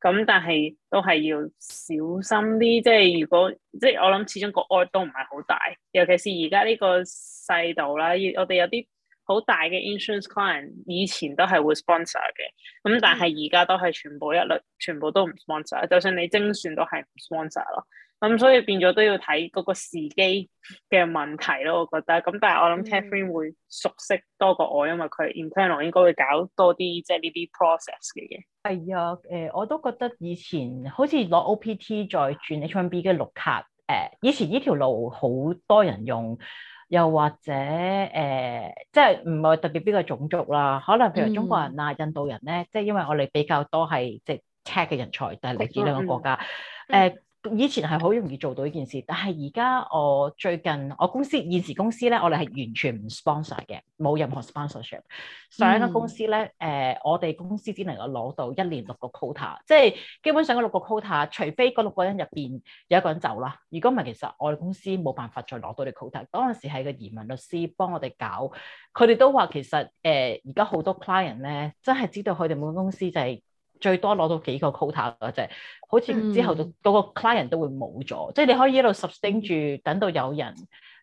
咁但係都係要小心啲，即係如果，即係我諗始終個 order 都唔係好大，尤其是而家呢個世道啦。我哋有啲好大嘅 insurance client 以前都係會 sponsor 嘅，咁但係而家都係全部一律，全部都唔 sponsor，就算你精選都係唔 sponsor 咯。咁、嗯、所以變咗都要睇嗰個時機嘅問題咯，我覺得。咁但係我諗 Catherine 會熟悉多過我，因為佢 internal 應該會搞多啲即係呢啲 process 嘅嘢。係啊，誒、呃、我都覺得以前好似攞 OPT 再轉 HMB 嘅綠卡誒、呃，以前呢條路好多人用，又或者誒、呃，即係唔係特別邊個種族啦，可能譬如中國人啊、嗯、印度人咧，即係因為我哋比較多係即係 tech 嘅人才，但係嚟自兩個國家誒。嗯嗯嗯。以前係好容易做到呢件事，但係而家我最近我公司現時公司咧，我哋係完全唔 sponsor 嘅，冇任何 sponsorship。上一間公司咧，誒、嗯呃、我哋公司只能夠攞到一年六個 quota，即係基本上嘅六個 quota，除非嗰六個人入邊有一個人走啦。如果唔係，其實我哋公司冇辦法再攞到你 quota。當陣時係個移民律師幫我哋搞，佢哋都話其實誒而家好多 client 咧，真係知道佢哋每個公司就係、是。最多攞到幾個 quota 嗰隻，就是、好似之後到到個 client 都會冇咗。嗯、即係你可以一路 subbing 住，等到有人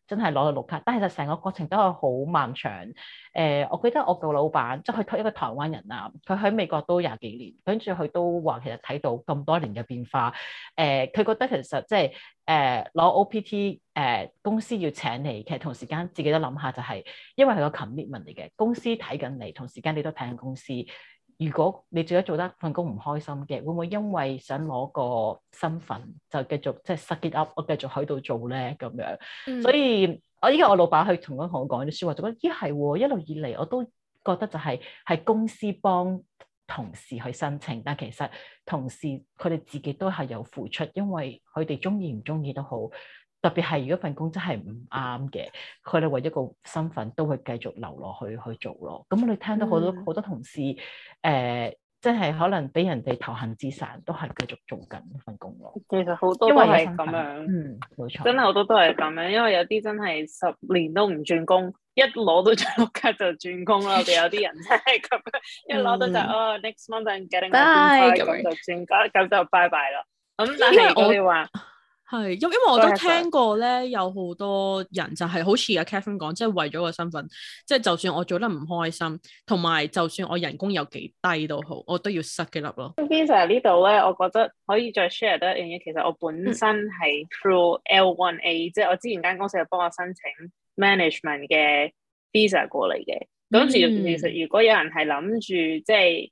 真係攞到綠卡。但係其實成個過程都係好漫長。誒、呃，我記得我個老闆，即係佢係一個台灣人啊，佢喺美國都廿幾年。跟住佢都話其實睇到咁多年嘅變化。誒、呃，佢覺得其實即係誒攞 OPT 誒公司要請你，其實同時間自己都諗下，就係因為係個 commitment 嚟嘅。公司睇緊你，同時間你都睇緊公司。如果你自己做得份工唔開心嘅，會唔會因為想攞個身份就繼續即係 suck it up，我繼續喺度做咧咁樣？Mm hmm. 所以我依家我老闆去同我講講啲説話，就覺得咦係喎，一路以嚟我都覺得就係、是、係公司幫同事去申請，但其實同事佢哋自己都係有付出，因為佢哋中意唔中意都好。特別係如果份工真係唔啱嘅，佢哋為一個身份都會繼續留落去去做咯。咁你哋聽到好多好多同事，誒，即係可能俾人哋投行解散，都係繼續做緊呢份工咯。其實好多都係咁樣，嗯，冇錯，真係好多都係咁樣。因為有啲真係十年都唔轉工，一攞到張綠卡就轉工啦。我哋有啲人真係咁樣，一攞到就哦，next month getting a green card 咁就轉，咁就拜拜咯。咁但係我哋話。係，因因為我都聽過咧，有好多人就係好似阿 Catherine 講，即係為咗個身份，即係就算我做得唔開心，同埋就算我人工有幾低都好，我都要塞幾粒咯。Visa 呢度咧，我覺得可以再 share 多一樣嘢。其實我本身係 through L1A，即係我之前間公司係幫我申請 management 嘅 visa 過嚟嘅。當時其實如果有人係諗住即係。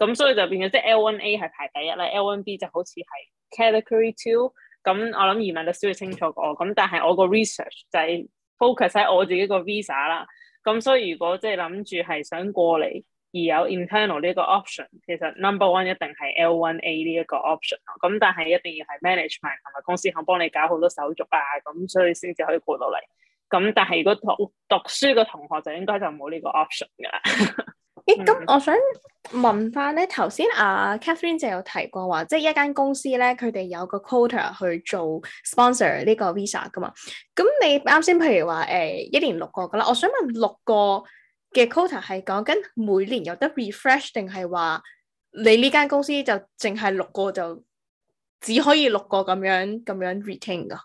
咁所以就變咗，即係 L1A 係排第一啦，L1B 就好似係 category two。咁我諗移民律師會清楚過。咁但係我個 research 就係 focus 喺我自己個 visa 啦。咁所以如果即係諗住係想過嚟而有 internal 呢個 option，其實 number one 一定係 L1A 呢一個 option 咯。咁但係一定要係 management 同埋公司肯幫你搞好多手續啊。咁所以先至可以過到嚟。咁但係如果讀讀書嘅同學就應該就冇呢個 option 㗎啦。 咁 Hey,、嗯、我想問翻咧，頭先啊 Catherine 就有提過話，即係一間公司咧，佢哋有個 quota 去做 sponsor 呢個 Visa 噶嘛。咁你啱先譬如話誒，欸，一年六個噶啦，我想問六個嘅 quota 係講緊每年有得 refresh，定係話你呢間公司就淨係六個就只可以六個咁樣咁樣 retain 噶？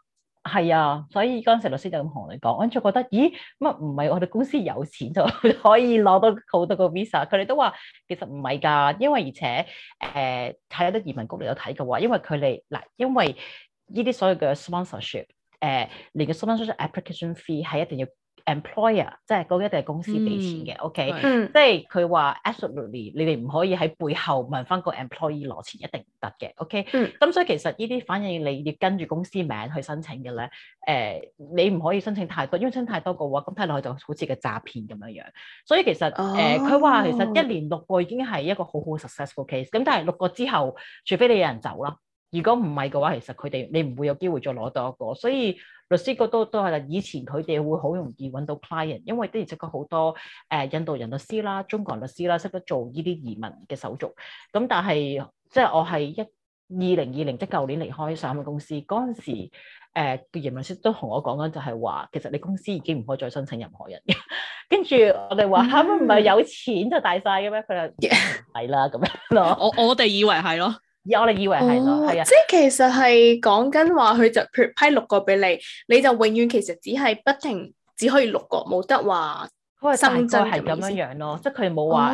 係啊，所以嗰陣時律師就咁同我哋講，我仲覺得，咦，乜唔係我哋公司有錢就可以攞到好多個 visa？佢哋都話其實唔係㗎，因為而且誒睇啲移民局嚟有睇嘅話，因為佢哋嗱，因為呢啲所有嘅 sponsorship 誒，你嘅 sponsorship application fee 係一定要。employer 即係嗰個一定係公司俾錢嘅，OK，嗯、即係佢話 absolutely 你哋唔可以喺背後問翻個 employee 攞錢一定唔得嘅，OK，咁、嗯、所以其實呢啲反應你要跟住公司名去申請嘅咧，誒、呃、你唔可以申請太多，因為申請太多嘅話，咁睇落去就好似個詐騙咁樣樣。所以其實誒佢話其實一年六個已經係一個好好 successful case，咁但係六個之後，除非你有人走啦，如果唔係嘅話，其實佢哋你唔會有機會再攞多一個，所以。律師都都係啦，以前佢哋會好容易揾到 client，因為的而且確好多誒印度人律師啦、中國人律師啦，識得做呢啲移民嘅手續。咁但係即係我係一二零二零即係舊年離開上嘅公司嗰陣時，誒、呃、嘅移民律師都同我講緊就係話，其實你公司已經唔可以再申請任何人嘅。 跟住我哋話吓，唔係有錢就大晒嘅咩？佢話係啦，咁樣咯。我我哋以為係咯。我哋以為係咯，哦啊、即係其實係講緊話佢就批批六個俾你，你就永遠其實只係不停，只可以六個冇得話。因為大概係咁樣樣咯，即係佢冇話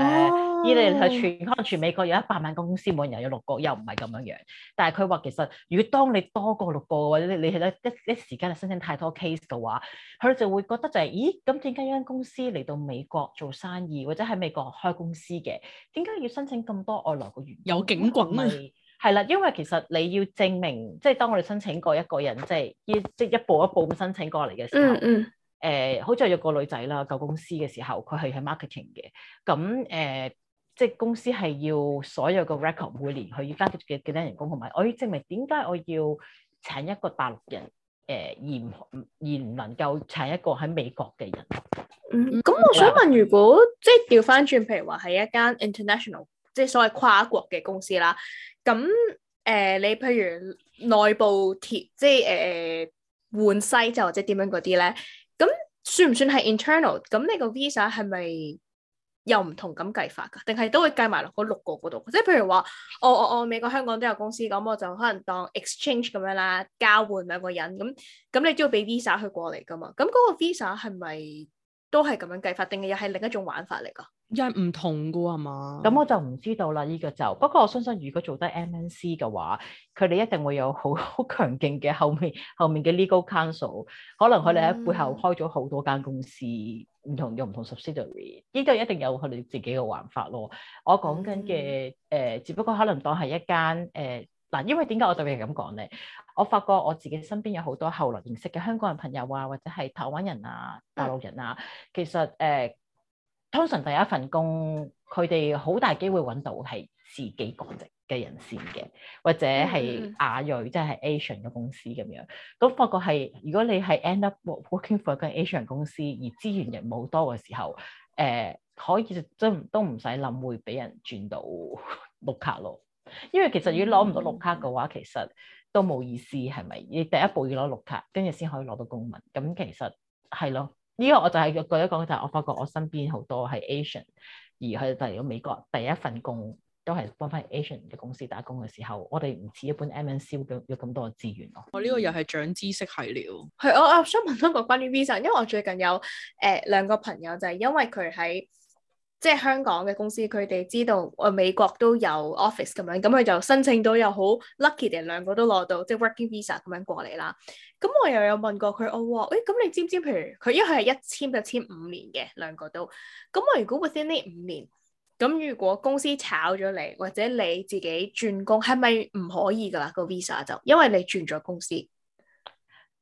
依你係全，可能全美國有一百萬個公司，每人有六個，又唔係咁樣樣。但係佢話其實，如果當你多過六個或者你你係咧一一,一,一時間嚟申請太多 case 嘅話，佢就會覺得就係、是，咦？咁點解一間公司嚟到美國做生意，或者喺美國開公司嘅，點解要申請咁多外來嘅員？有警棍啊！係啦，因為其實你要證明，即係當我哋申請過一個人，即係要即係一步一步咁申請過嚟嘅時候，嗯嗯，好似、呃、有個女仔啦，舊公司嘅時候，佢係喺 marketing 嘅，咁、呃、誒，即係公司係要所有個 record，每年佢要加嘅幾多人工，同埋我要證明點解我要請一個大陸人，誒、呃、而唔而唔能夠請一個喺美國嘅人。嗯，嗯，咁我想問，如果即係調翻轉，譬如話係一間 international，即係所謂跨國嘅公司啦。呃咁誒、呃，你譬如內部貼，即係誒、呃、換西就或者點樣嗰啲咧？咁算唔算係 internal？咁你個 visa 係咪又唔同咁計法㗎？定係都會計埋落嗰六個嗰度？即係譬如話，我我我美國香港都有公司，咁我就可能當 exchange 咁樣啦，交換兩個人咁，咁你都要俾 visa 去過嚟㗎嘛？咁嗰個 visa 係咪都係咁樣計法？定係又係另一種玩法嚟㗎？又唔同噶，係嘛？咁我就唔知道啦，呢、呢個就不過我相信，如果做得 MNC 嘅話，佢哋一定會有好好強勁嘅後面後面嘅 legal counsel，可能佢哋喺背後開咗好多間公司，唔同有唔同 subsidiary，呢度一定有佢哋自己嘅玩法咯。我講緊嘅誒，只不過可能當係一間誒嗱、呃，因為點解我特別咁講咧？我發覺我自己身邊有好多後來認識嘅香港人朋友啊，或者係台灣人啊、大陸人啊，mm hmm. 其實誒。呃通常第一份工，佢哋好大機會揾到係自己國籍嘅人先嘅，或者係亞裔，即、就、係、是、Asian 嘅公司咁樣。咁發覺係，如果你係 end up working for 一 Asian 公司，而資源亦冇多嘅時候，誒、呃、可以都都唔使諗會俾人轉到綠卡咯。因為其實如果攞唔到綠卡嘅話，嗯、其實都冇意思，係咪？你第一步要攞綠卡，跟住先可以攞到公民。咁其實係咯。呢個我就係、是、舉一個，就係我發覺我身邊好多係 Asian，而佢嚟到美國第一份工都係幫翻 Asian 嘅公司打工嘅時候，我哋唔似一般 MNC 咁有咁多資源咯。我呢個又係長知識係了。係，我我想問返個關於 visa，因為我最近有誒兩、呃、個朋友就係因為佢喺，即係香港嘅公司，佢哋知道誒美國都有 office 咁樣，咁佢就申請到有好 lucky 嘅，兩個都攞到即係 working visa 咁樣過嚟啦。咁我又有問過佢，哦，話誒咁你知唔知？譬如佢一係一簽就簽五年嘅兩個都，咁我如果 within 呢五年，咁如果公司炒咗你，或者你自己轉工，係咪唔可以噶啦個 visa 就，因為你轉咗公司。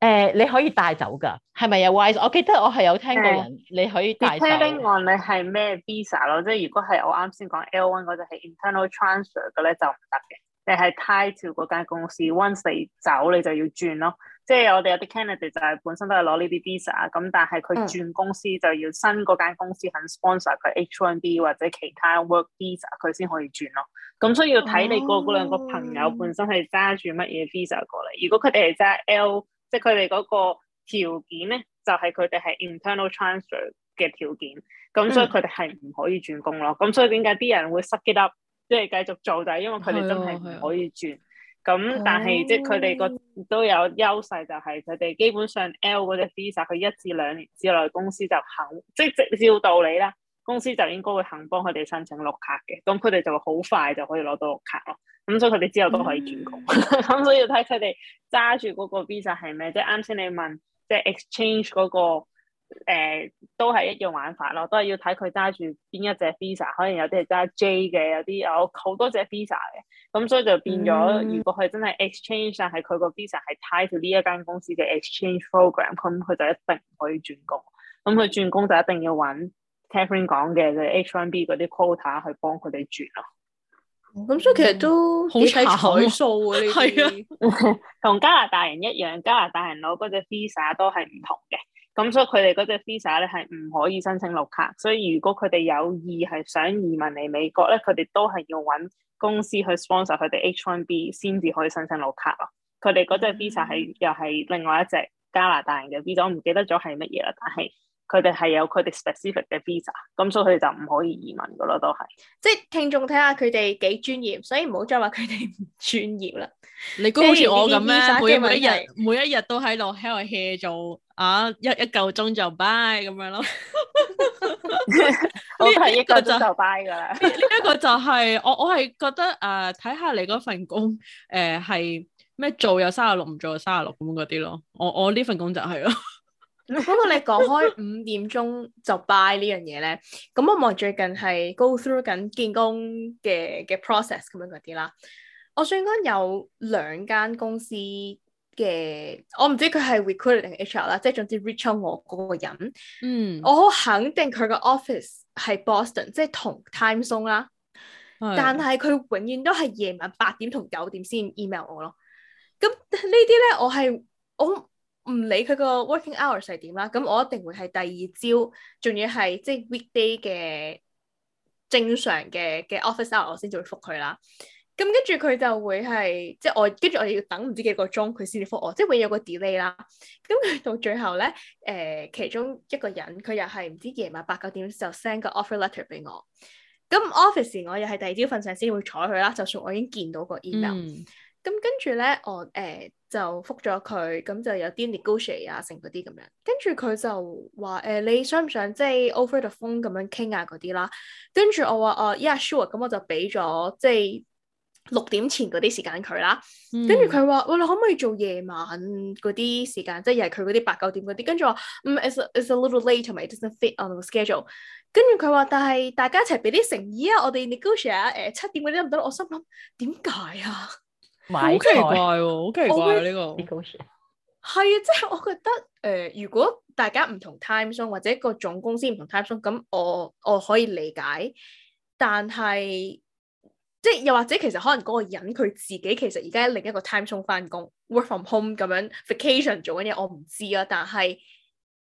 誒，uh, 你可以帶走噶，係咪有 wise 我記得我係有聽過人，uh, 你可以帶走,走。depending on 你係咩 visa 咯，即係如果係我啱先講 L one 嗰隻係 internal transfer 嘅咧就唔得嘅，你係 tie to 嗰間公司，once 你走你就要轉咯。即係我哋有啲 candidate 就係本身都係攞呢啲 visa，咁但係佢轉公司、嗯、就要新嗰間公司肯 sponsor 佢 H one B 或者其他 work visa，佢先可以轉咯。咁所以要睇你個嗰兩個朋友本身係揸住乜嘢 visa 過嚟。如果佢哋係揸 L 即係佢哋嗰個條件咧，就係、是、佢哋係 internal transfer 嘅條件，咁所以佢哋係唔可以轉工咯。咁、嗯、所以點解啲人會 suck it up 即係繼續做就係、是、因為佢哋真係唔可以轉。咁、啊啊、但係即係佢哋個都有優勢，就係佢哋基本上 L 嗰隻 visa，佢一至兩年之內公司就行，即係直照道理啦。公司就應該會肯幫佢哋申請綠卡嘅，咁佢哋就好快就可以攞到綠卡咯。咁所以佢哋之後都可以轉工。咁、嗯、 所以要睇佢哋揸住嗰個 visa 係咩，即係啱先你問，即、就、係、是、exchange 嗰、那個、呃、都係一樣玩法咯，都係要睇佢揸住邊一隻 visa，可能有啲係揸 J 嘅，有啲有好多隻 visa 嘅。咁所以就變咗，嗯、如果佢真係 exchange，但係佢個 visa 係 tie to 呢一間公司嘅 exchange program，咁佢就一定唔可以轉工。咁佢轉工就一定要揾。Tiffany 講嘅，H one B 嗰啲 quota 去幫佢哋住咯。咁、嗯、所以其實都好、嗯、彩數啊， 呢啲係啊。同加拿大人一樣，加拿大人攞嗰隻 Visa 都係唔同嘅。咁所以佢哋嗰隻 Visa 咧係唔可以申請綠卡。所以如果佢哋有意係想移民嚟美國咧，佢哋都係要揾公司去 sponsor 佢哋 H one B 先至可以申請綠卡咯。佢哋嗰隻 Visa 係又係另外一隻加拿大人嘅 Visa，我唔記得咗係乜嘢啦，但係。佢哋係有佢哋 specific 嘅 visa，咁所以佢哋就唔可以移民噶咯，都係。即係聽眾睇下佢哋幾專業，所以唔好再話佢哋唔專業啦。你估好似我咁咧，每一日每一日都喺度喺度 hea 做啊，一一夠鐘就 bye 咁樣咯。 我係一， 一個鐘就 bye 噶啦。一個就係我我係覺得誒睇下你嗰份工誒係咩做有三十六，唔做有三十六咁嗰啲咯。我我呢份工就係咯。 講到你講開五點鐘就 buy 呢樣嘢咧，咁我望最近係 go through 緊見工嘅嘅 process 咁樣嗰啲啦。我算講有兩間公司嘅，我唔知佢係 recruit 定 HR 啦，即係總之 reach 我嗰個人。嗯，我好肯定佢個 office 係 Boston，即係同 Time 松啦。但係佢永遠都係夜晚八點同九點先 email 我咯。咁呢啲咧，我係我。唔理佢個 working hours 係點啦，咁我一定會係第二朝，仲要係即係 weekday 嘅正常嘅嘅 office hour 我先至會覆佢啦。咁跟住佢就會係即係我跟住我哋要等唔知幾個鐘佢先至覆我，即係會有個 delay 啦。咁到最後咧，誒、呃、其中一個人佢又係唔知夜晚八九點就 send 個 offer letter 俾我。咁 office 我又係第二朝瞓醒先會睬佢啦。就算我已經見到個 email。嗯咁跟住咧，我誒、呃、就覆咗佢，咁、嗯、就有啲 negotiate 啊，成嗰啲咁樣。跟住佢就話誒、呃，你想唔想即係 over the phone 咁樣傾啊嗰啲啦？跟住我話哦 yes sure、嗯。咁我就俾咗即係六點前嗰啲時間佢啦。嗯、跟住佢話喂，你可唔可以做夜晚嗰啲時間？即係又係佢嗰啲八九點嗰啲。跟住我嗯 is is a little late 同埋 doesn't fit on the schedule。跟住佢話，但係大家一齊俾啲誠意啊！我哋 negotiate 誒七點嗰啲得唔得？我心諗點解啊？好奇怪喎、啊，好奇怪呢、啊的呢個。啲公司係啊，即係我覺得誒、呃，如果大家唔同 time 或者個總公司唔同 time 咁我我可以理解。但係即係又或者其實可能嗰個人佢自己其實而家喺另一個 time 返工，work from home 咁樣 vacation 做緊嘢，我唔知啊。但係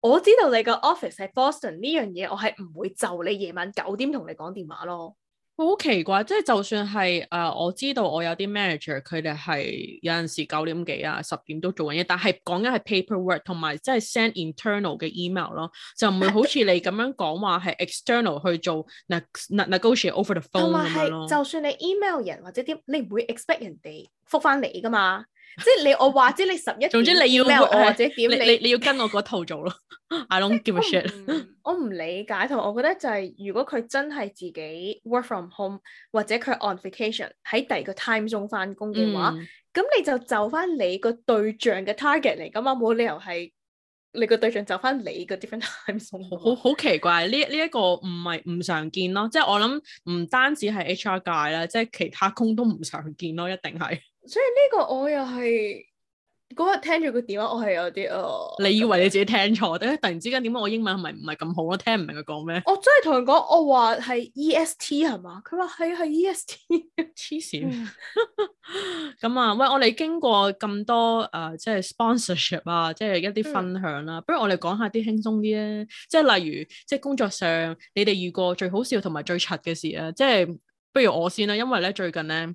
我知道你 oston, 個 office 喺 Boston 呢樣嘢，我係唔會就你夜晚九點同你講電話咯。我好奇怪，即係就算係誒，我知道我有啲 manager，佢哋係有陣時九點幾啊、十點都做緊嘢，但係講緊係 paperwork，同埋即係 send internal 嘅 email 咯，就唔會好似你咁樣講話係 external 去做嗱嗱嗱 negotiate over the phone 咁樣咯。同埋，就算你 email 人或者點，你唔會 expect 人哋覆翻你噶嘛？即係你我話知你十一，總之你要我是或者點你你要跟我嗰套做咯。I don't give a shit。我唔不 理解，同埋我覺得就係、是、如果佢真係自己 work from home 或者佢 on vacation 喺第二個 time 中翻工嘅話，咁、嗯、你就就翻你個對象嘅 target 嚟噶我冇理由係你個對象就翻你個 different time 好好奇怪呢呢一個唔係唔常見咯，即係我諗唔單止係 HR 界啦，guy, 即係其他工都唔常見咯，一定係。 所以呢個我又係嗰日聽住佢電話我點，我係有啲哦。你以為你自己聽錯？點突然之間點解我英文係咪唔係咁好咯？聽唔明佢講咩？我真係同人講，我話係 E S T 係嘛？佢話係係 E S T，黐線咁啊！喂，我哋經過咁多誒、呃，即係 sponsorship 啊，即係一啲分享啦、啊。嗯、不如我哋講下啲輕鬆啲啊，即係例如即係工作上你哋遇過最好笑同埋最柒嘅事啊！即係不如我先啦，因為咧最近咧。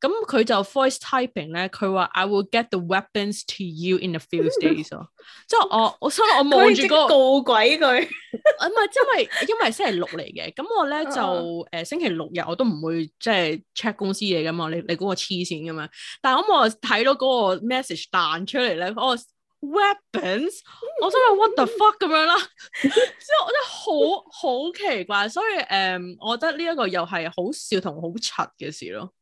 咁佢、嗯、就 voice typing 咧，佢話 I will get the weapons to you in a few days 咯。即係我，我、那個、s o 我望住個告鬼佢，唔 咪樂，因為因為星期六嚟嘅，咁、嗯、我咧就誒、呃、星期六日我都唔會即係 check 公司嘢噶嘛。你你講我黐線噶嘛？但係咁我睇到嗰個 message 彈出嚟咧，我 weapons， 我真係 what the fuck 咁樣啦。之 後我覺得好好，好奇怪，所以誒、嗯，我覺得呢一個又係好笑同好柒嘅事咯。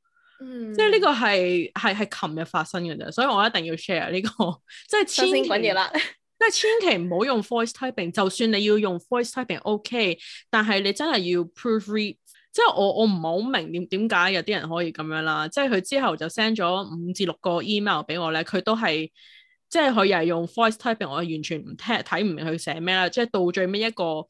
嗯，即係呢個係係係琴日發生嘅啫，所以我一定要 share 呢個，即係千，即係千祈唔好用 voice typing。就算你要用 voice typing，OK，但係你真係要 proof read 即。即係我我唔係好明點點解有啲人可以咁樣啦。即係佢之後就 send 咗五至六個 email 俾我咧，佢都係即係佢又係用 voice typing，我完全唔聽，睇唔明佢寫咩啦。即係到最尾一個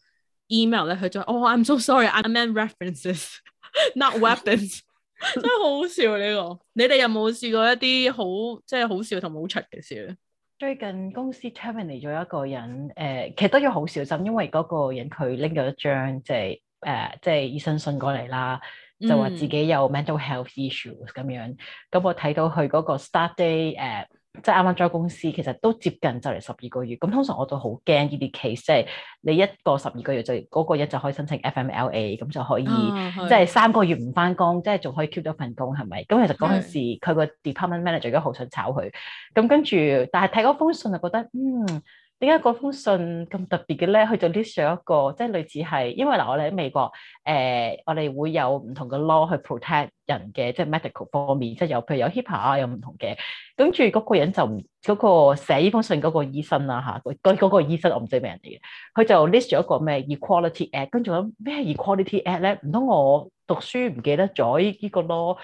email 咧，佢就哦，I'm so sorry，I meant references，not weapons。 真係好好笑呢、啊、個，你哋有冇試過一啲好即係好笑同冇出嘅事咧？最近公司 team 嚟咗一個人，誒、呃，其實都有好笑，就因為嗰個人佢拎咗一張即係誒，即係、呃、醫生信過嚟啦，就話自己有 mental health issues 咁樣，咁、嗯嗯、我睇到佢嗰個 start day 誒、呃。即係啱啱 join 公司，其實都接近就嚟十二個月，咁通常我都好驚呢啲 case，即係你一個十二個月就嗰、嗰個人就可以申請 FMLA，咁就可以、哦、即係三個月唔翻工，即係仲可以 keep 到份工，係咪？咁其實嗰陣時佢個的 department manager 都好想炒佢，咁跟住，但係睇嗰封信就覺得嗯。點解嗰封信咁特別嘅咧？佢就 list 咗一個，即係類似係，因為嗱，我哋喺美國，誒、呃，我哋會有唔同嘅 law 去 protect 人嘅，即係 medical 方面，即係有譬如有 HIPAA 有唔同嘅。跟住嗰個人就嗰、嗰個寫呢封信嗰個醫生啦嚇，嗰、啊、嗰、嗰個醫生我唔知咩人嚟嘅，佢就 list 咗一個咩 equality act，跟住有咩 equality act 咧？唔通我讀書唔記得咗呢個 law？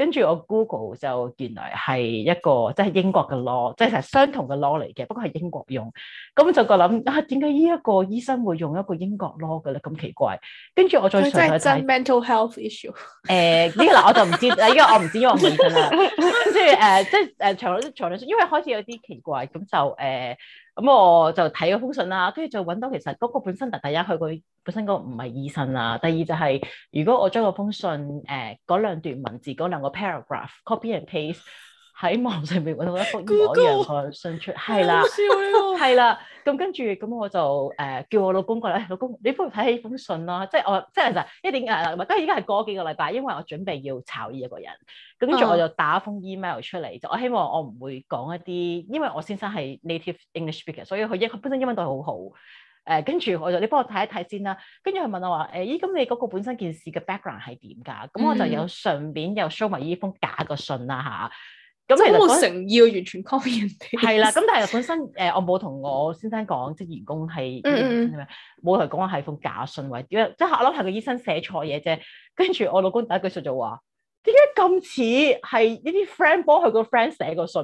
跟住我 Google 就原來係一個即係、就是、英國嘅 law，即係係相同嘅 law 嚟嘅，不過係英國用。咁就個諗啊，點解呢一個醫生會用一個英國 law 嘅咧？咁奇怪。跟住我再上去睇。mental health issue。誒、呃，呢、這、嗱、個、我就唔知，因為我唔知，因為我唔知啦。跟住誒，即係誒長女因為開始有啲奇怪，咁就誒。呃咁我就睇嗰封信啦，跟住就揾到其實嗰個本身，第一，佢本身嗰個唔係醫生啦，第二就係如果我將嗰封信誒嗰兩段文字，嗰兩個 paragraph copy and paste。喺網上面揾到一封呢個哥人嘅信出，係啦哥，係啦的。咁跟住咁我就誒、呃、叫我老公過嚟，老公你不如睇封信啦。即係我即係其實一點誒，唔係都係已經係過幾個禮拜，因為我準備要炒呢一個人。跟住我就打一封 email 出嚟，就我希望我唔會講一啲，因為我先生係 native English speaker，所以佢英佢本身英文都係好好。誒、呃，跟住我就你幫我睇一睇先啦。跟住佢問我話誒，咦、呃、咁、呃、你嗰個本身件事嘅 background 係點㗎？咁我就有順便又 show 埋呢封假個信啦嚇。 咁冇誠意啊！完全抗議人係啦，咁但係本身誒，我冇同我先生講，即係員工係冇同佢講話係封假信，或者即係我諗係個醫生寫錯嘢啫。跟住我老公第一句就就話：點解咁似係呢啲 friend 幫佢個 friend 寫個信？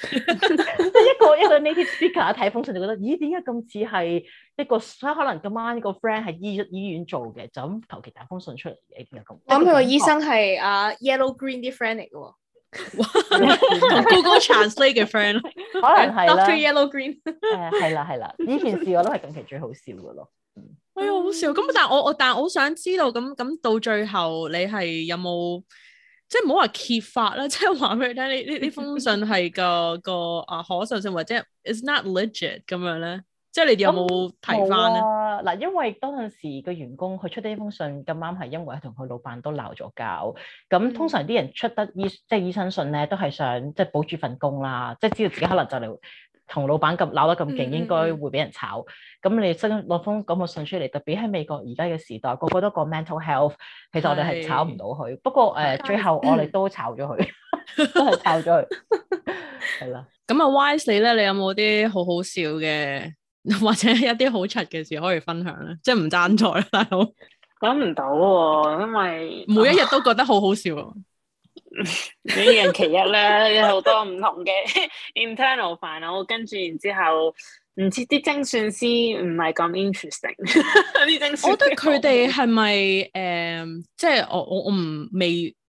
即係一個一個 native speaker 睇封信就覺得：咦，點解咁似係一個？所以可能今晚個 friend 喺醫醫院做嘅，就咁求其打封信出嚟，誒咁。咁佢個醫生係阿 Yellow Green 啲 friend 嚟嘅喎。同 Google Translate 嘅 friend 可能係啦。Doctor Yellow Green，誒係啦係啦，呢 件事我都係近期最好笑嘅咯。嗯、哎呀好笑，咁但係我但我但係我好想知道，咁咁到最後你係有冇即係唔好話揭發啦，即係話俾你聽，呢你封信係個個啊可信性或者 is not legit 咁樣咧？即係你哋有冇提翻咧嗱？因為當陣時個員工佢出呢封信咁啱係因為同佢老闆都鬧咗交咁。通常啲人出得醫、嗯、即係醫生信咧，都係想即係保住份工啦。即係知道自己可能就嚟同老闆咁鬧得咁勁，嗯、應該會俾人炒咁。你新落封咁嘅信出嚟，特別喺美國而家嘅時代，個個都講 mental health，其實我哋係炒唔到佢。是不過誒，呃、是最後我哋都炒咗佢， 都係炒咗佢係啦。咁啊 Wise 你咧， 你有冇啲好好笑嘅？或者一啲好出嘅事可以分享咧，即係唔爭在啦，大佬諗唔到、啊，因為每一日都覺得好好笑、啊。一、啊、 人其一咧， 有好多唔同嘅 internal 煩惱，跟住然之後，唔知啲精算師唔係咁 interesting。 我覺得佢哋係咪誒，即係、 uh, 我我我唔未。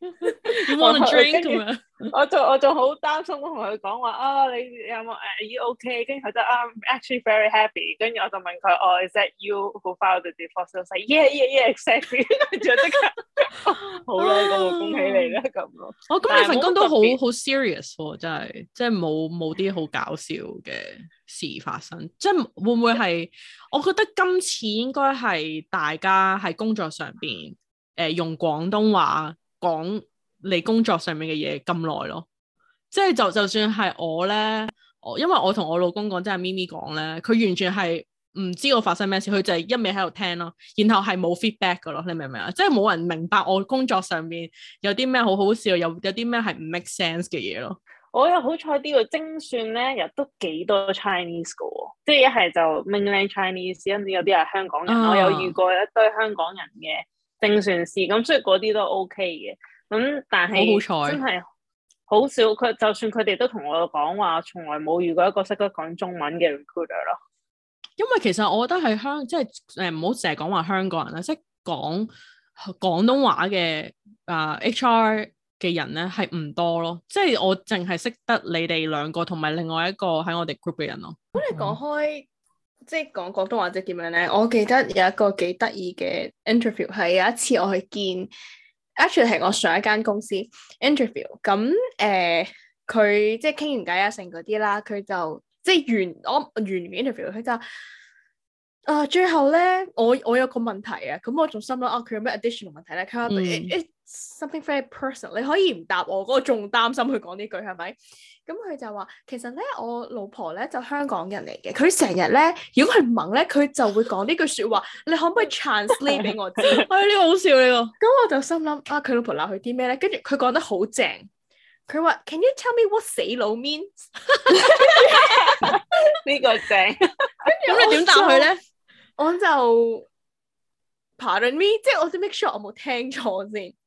Want a drink？我仲我仲好擔心，我同佢講話啊，你有冇誒？You okay？跟住佢就啊，I'm actually very happy。跟住我就問佢，哦，Is that you who filed the divorce？我話，Yeah，yeah，yeah，exactly。就即刻好咯，咁恭喜你啦，咁咯。我咁你份工都好好 serious，真係，即係冇冇啲好搞笑嘅事發生，即係會唔會係？我覺得今次應該係大家喺工作上邊誒用廣東話。講你工作上面嘅嘢咁耐咯，即係就就算係我咧，我因為我同我老公講，即係咪咪講咧，佢完全係唔知我發生咩事，佢就係一味喺度聽咯，然後係冇 feedback 噶咯，你明唔明啊？即係冇人明白我工作上面有啲咩好好笑，有有啲咩係唔 make sense 嘅嘢咯。我又好彩呢個，精算咧又都幾多 Chinese 噶，即係一係就 mainland Chinese，甚至有啲係香港人，啊、我有遇過一堆香港人嘅。正船事，咁，所以嗰啲都 OK 嘅。咁但係好好彩真係好少佢，就算佢哋都同我講話，從來冇遇過一個識得講中文嘅 recruiter 咯。因為其實我覺得係香，即係誒唔好成日講話香港人啦，識、就是、講廣東話嘅啊、呃、HR 嘅人咧係唔多咯。即、就、係、是、我淨係識得你哋兩個同埋另外一個喺我哋 group 嘅人咯。咁、嗯、你講開。即係講廣東話，即係點樣咧？我記得有一個幾得意嘅 interview，係有一次我去見，actually 係我上一間公司 interview。咁 inter 誒，佢、呃、即係傾、啊、完偈啊成嗰啲啦，佢就即係完我完 interview，佢就啊最後咧，我我有個問題啊，咁我仲心諗啊，佢有咩 additional 問題咧？佢話誒誒。嗯 something very personal，你可以唔答我，嗰個仲擔心佢講呢句係咪？咁佢就話，其實咧，我老婆咧就香港人嚟嘅，佢成日咧，如果佢唔蒙咧，佢就會講呢句說話，你可唔可以 translate 俾我知？哎，呢個好笑呢個。咁我就心諗啊，佢老婆鬧佢啲咩咧？跟住佢講得好正，佢話 Can you tell me what 死佬 means？呢個正。咁你點答佢咧？我就 paranoid，即係我都 make sure 我冇聽錯先。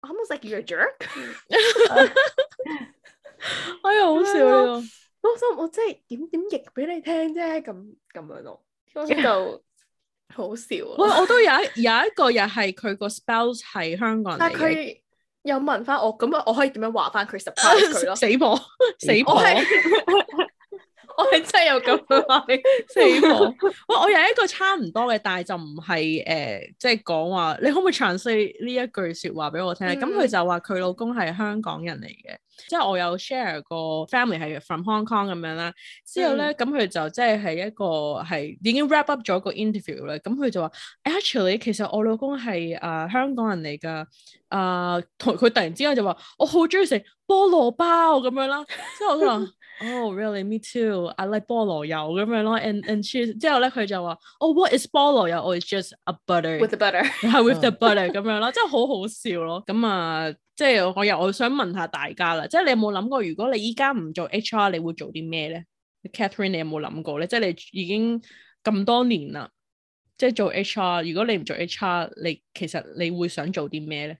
我啱啱食藥 jerk，哎呀好笑啊！我心我真係點點譯俾你聽啫，咁咁樣咯，呢度好笑。我我都有有一個又係佢個 spell 係香港，但係佢有問翻我，咁我可以點樣話翻佢十 pass 佢咯？死亡，死亡。我係真係有咁樣話你死我！ 我有一個差唔多嘅，但係就唔係誒，即係講話你可唔可以詳細呢一句説話俾我聽？咁佢、嗯、就話佢老公係香港人嚟嘅，即係我有 share 個 family 係 from Hong Kong 咁樣啦。之後咧，咁佢、嗯、就即係係一個係已經 wrap up 咗個 interview 啦。咁佢就話 actually 其實我老公係啊、呃、香港人嚟㗎。啊，同佢突然之間就話我好中意食菠蘿包咁樣啦。之後我話。 Oh really? Me too. I like 菠蘿油咁樣咯，and and she 之後咧，佢就話：Oh what is 菠蘿油？我 is just a butter。With a butter。係，with the butter 咁、yeah, 樣咯，真係好好笑咯。咁啊，即係我又我想問下大家啦，即係你有冇諗過，如果你依家唔做 HR，你會做啲咩咧？Catherine，你有冇諗過咧？即係你已經咁多年啦，即係做 HR。如果你唔做 HR，你其實你會想做啲咩咧？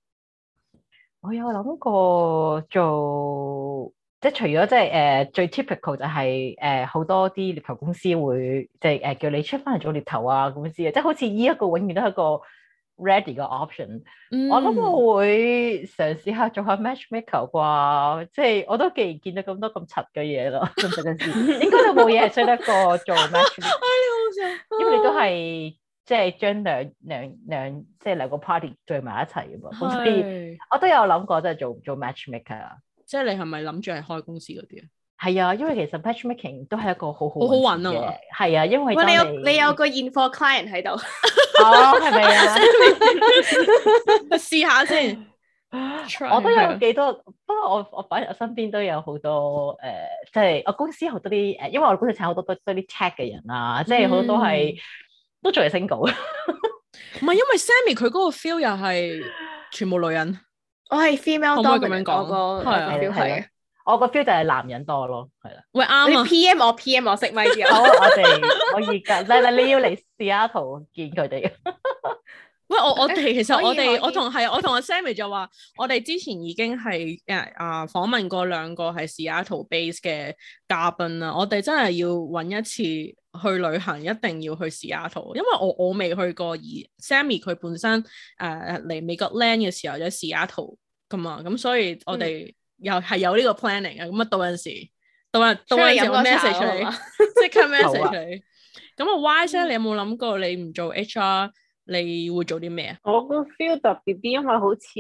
我有諗過做。即係除咗即係誒，最 typical 就係、是、誒，好、呃、多啲獵頭公司會即係誒，叫你出翻嚟做獵頭啊公司啊，即係好似呢一個永遠都係一個 ready 嘅 option。嗯。我諗我會嘗試下做下 matchmaker 啩，即係我都既然見到咁多咁柒嘅嘢咯，唔使陣先，應該都冇嘢係衰得過做 match。哎，你好想，因為你都係即係將兩兩兩即係兩個 party 聚埋一齊啊嘛，好似是，我都有諗過即係做做 matchmaker 啊。即係你係咪諗住係開公司嗰啲啊？係啊，因為其實 patch making 都係一個好好好好揾啊！係啊，因為你有你有個現貨 client 喺度，係咪啊？試下先，我都有幾多，不過我我反而我身邊都有好多誒，即係我公司好多啲誒，因為我公司請好多多多啲 check 嘅人啊，即係好多係都做嘢升稿，唔係因為 Sammy 佢嗰個 feel 又係全部女人。我係 female 多，可唔可以咁樣講？係啊，我個 feel 就係男人多咯，係啦。喂，啱啊！P M 我 P M 我識咪啲我哋可以噶，你你要嚟 Seattle 見佢哋。喂，我我哋其實我哋我同係我同阿 Sammy 就話，我哋之前已經係誒啊訪問過兩個係 Seattle base 嘅嘉賓啦，我哋真係要揾一次。去旅行一定要去西雅圖，因為我我未去過而 Sammy 佢本身誒嚟、uh, 美國 land 嘅時候有西雅圖噶嘛，咁所以我哋又係有呢、嗯、個 planning 啊，咁啊到陣時，到日到有時 message 你，即刻 message 你。咁啊，Wise 你有冇諗過你唔做 HR，你會做啲咩啊？我個 feel 特別啲，因為好似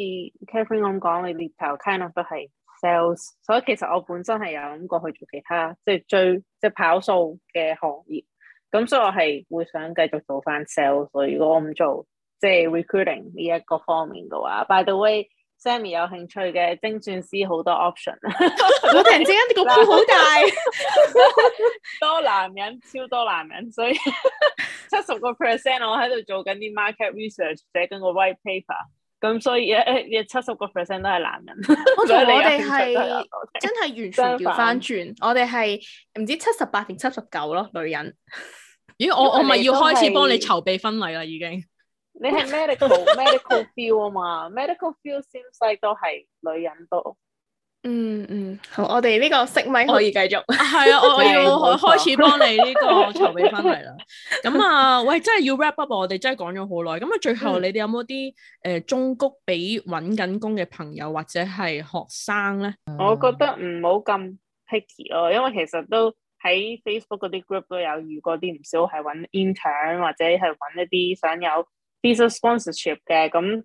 Catherine 咁講，你獵頭 kind of 係。sales，所以其實我本身係有諗過去做其他，即係追即係跑數嘅行業。咁所以我係會想繼續做翻 sales。所以如果我唔做，即係 recruiting 呢一個方面嘅話、mm hmm.，by the way，Sammy 有興趣嘅精算師好多 option。我突然之間個波好大，多男人超多男人，所以七十個 percent 我喺度做緊啲 market research，寫緊個 white paper。咁、嗯、所以咧，七十個 percent 都係男人。我我哋係 真係完全調翻轉，凡我哋係唔知七十八定七十九咯，女人。咦？我為我咪要開始幫你籌備婚禮啦，已經。你係 med medical feel medical field 啊嘛？medical field 先西都係女人都。嗯嗯，好、嗯，我哋呢個色米可以繼續。係 啊，我我要開始幫你呢個籌備翻嚟啦。咁 啊，喂，真係要 wrap up 我哋真係講咗好耐。咁啊，最後、嗯、你哋有冇啲誒中谷俾揾緊工嘅朋友或者係學生咧？嗯、我覺得唔好咁 picky 咯、啊，因為其實都喺 Facebook 嗰啲 group 都有遇過啲唔少係揾 intern 或者係揾一啲想有 visa sponsorship 嘅咁。嗯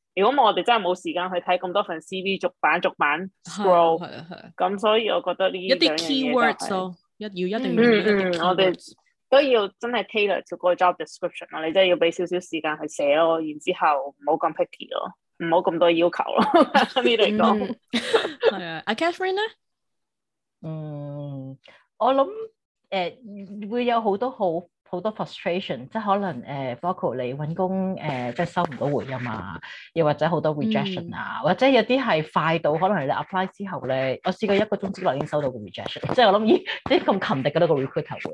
如果我哋真係冇時間去睇咁多份 CV 逐版逐版 scroll，咁所以我覺得呢一啲 keyword，一要一定要，我哋都要真係 tailor to 個 job description 咯，你真係要俾少少時間去寫咯，然之後唔好咁 picky 咯，唔好咁多要求咯，呢啲嚟講。係啊 的，阿 Catherine 咧？嗯、欸，我諗誒會有好多好。好多 frustration，即係可能 vocal，呃、你揾工誒、呃，即係收唔到回音啊，又或者好多 rejection 啊，嗯、或者有啲係快到可能你 apply 之後咧，我試過一個鐘之內已經收到個 rejection，即係我諗咦，啲咁勤力嘅都個 recruiter 誒、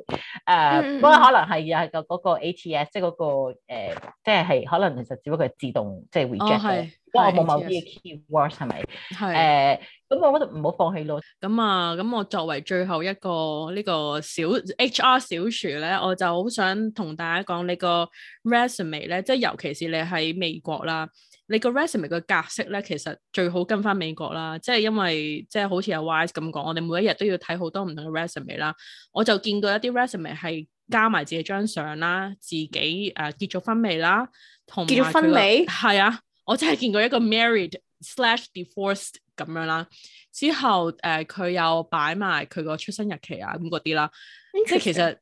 啊，不、呃、過、嗯嗯、可能係又係嗰個 ATS，即係、嗰個誒、呃、即係係可能其實只不過係自動即係 reject 嘅、哦。冇某啲 keywords 係咪的？係誒，咁我覺得唔好放棄咯。咁啊，咁我作為最後一個呢、呢個小 HR 小廚咧，我就好想同大家講，你個 resume 咧，即係尤其是你喺美國啦，你個 resume 嘅格式咧，其實最好跟翻美國啦。即係因為即係、即係、好似阿 wise 咁講，我哋每一日都要睇好多唔同嘅 resume 啦。我就見到一啲 resume 係加埋自己張相啦，自己誒、呃、結咗婚未啦，同結咗婚未？係啊。我真係見過一個 married/slash/divorced 咁樣啦，之後誒佢、呃、又擺埋佢個出生日期啊咁嗰啲啦，Interesting. 即係其實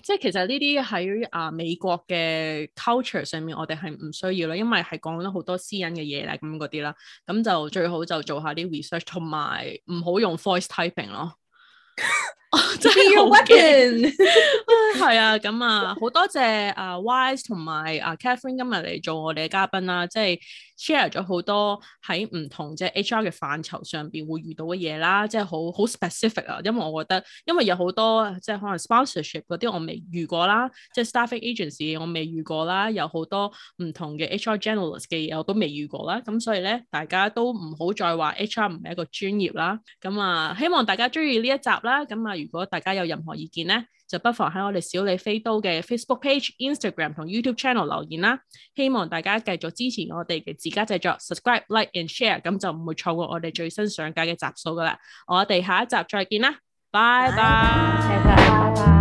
即係其實呢啲喺啊美國嘅 culture 上面，我哋係唔需要咯，因為係講咗好多私隱嘅嘢啦咁嗰啲啦，咁就最好就做下啲 research，同埋唔好用 voice typing 咯。 即係用 weapon，係啊，咁啊，好多謝啊，Wise 同埋啊，Catherine 今日嚟做我哋嘅嘉賓啦，即係。share 咗好多喺唔同即係 HR 嘅範疇上邊會遇到嘅嘢啦，即係好好 specific 啊。因為我覺得因為有好多即係可能 sponsorship 嗰啲我未遇過啦，即係 staffing agency 我未遇過啦，有好多唔同嘅 HR generalist 嘅嘢我都未遇過啦。咁所以咧，大家都唔好再話 HR 唔係一個專業啦。咁啊，希望大家中意呢一集啦。咁啊，如果大家有任何意見咧～就不妨喺我哋小李飛刀嘅 Facebook page、Instagram 同 YouTube channel 留言啦，希望大家繼續支持我哋嘅自家製作，subscribe、like and share，咁就唔會錯過我哋最新上架嘅集數㗎喇。我哋下一集再見啦，拜拜。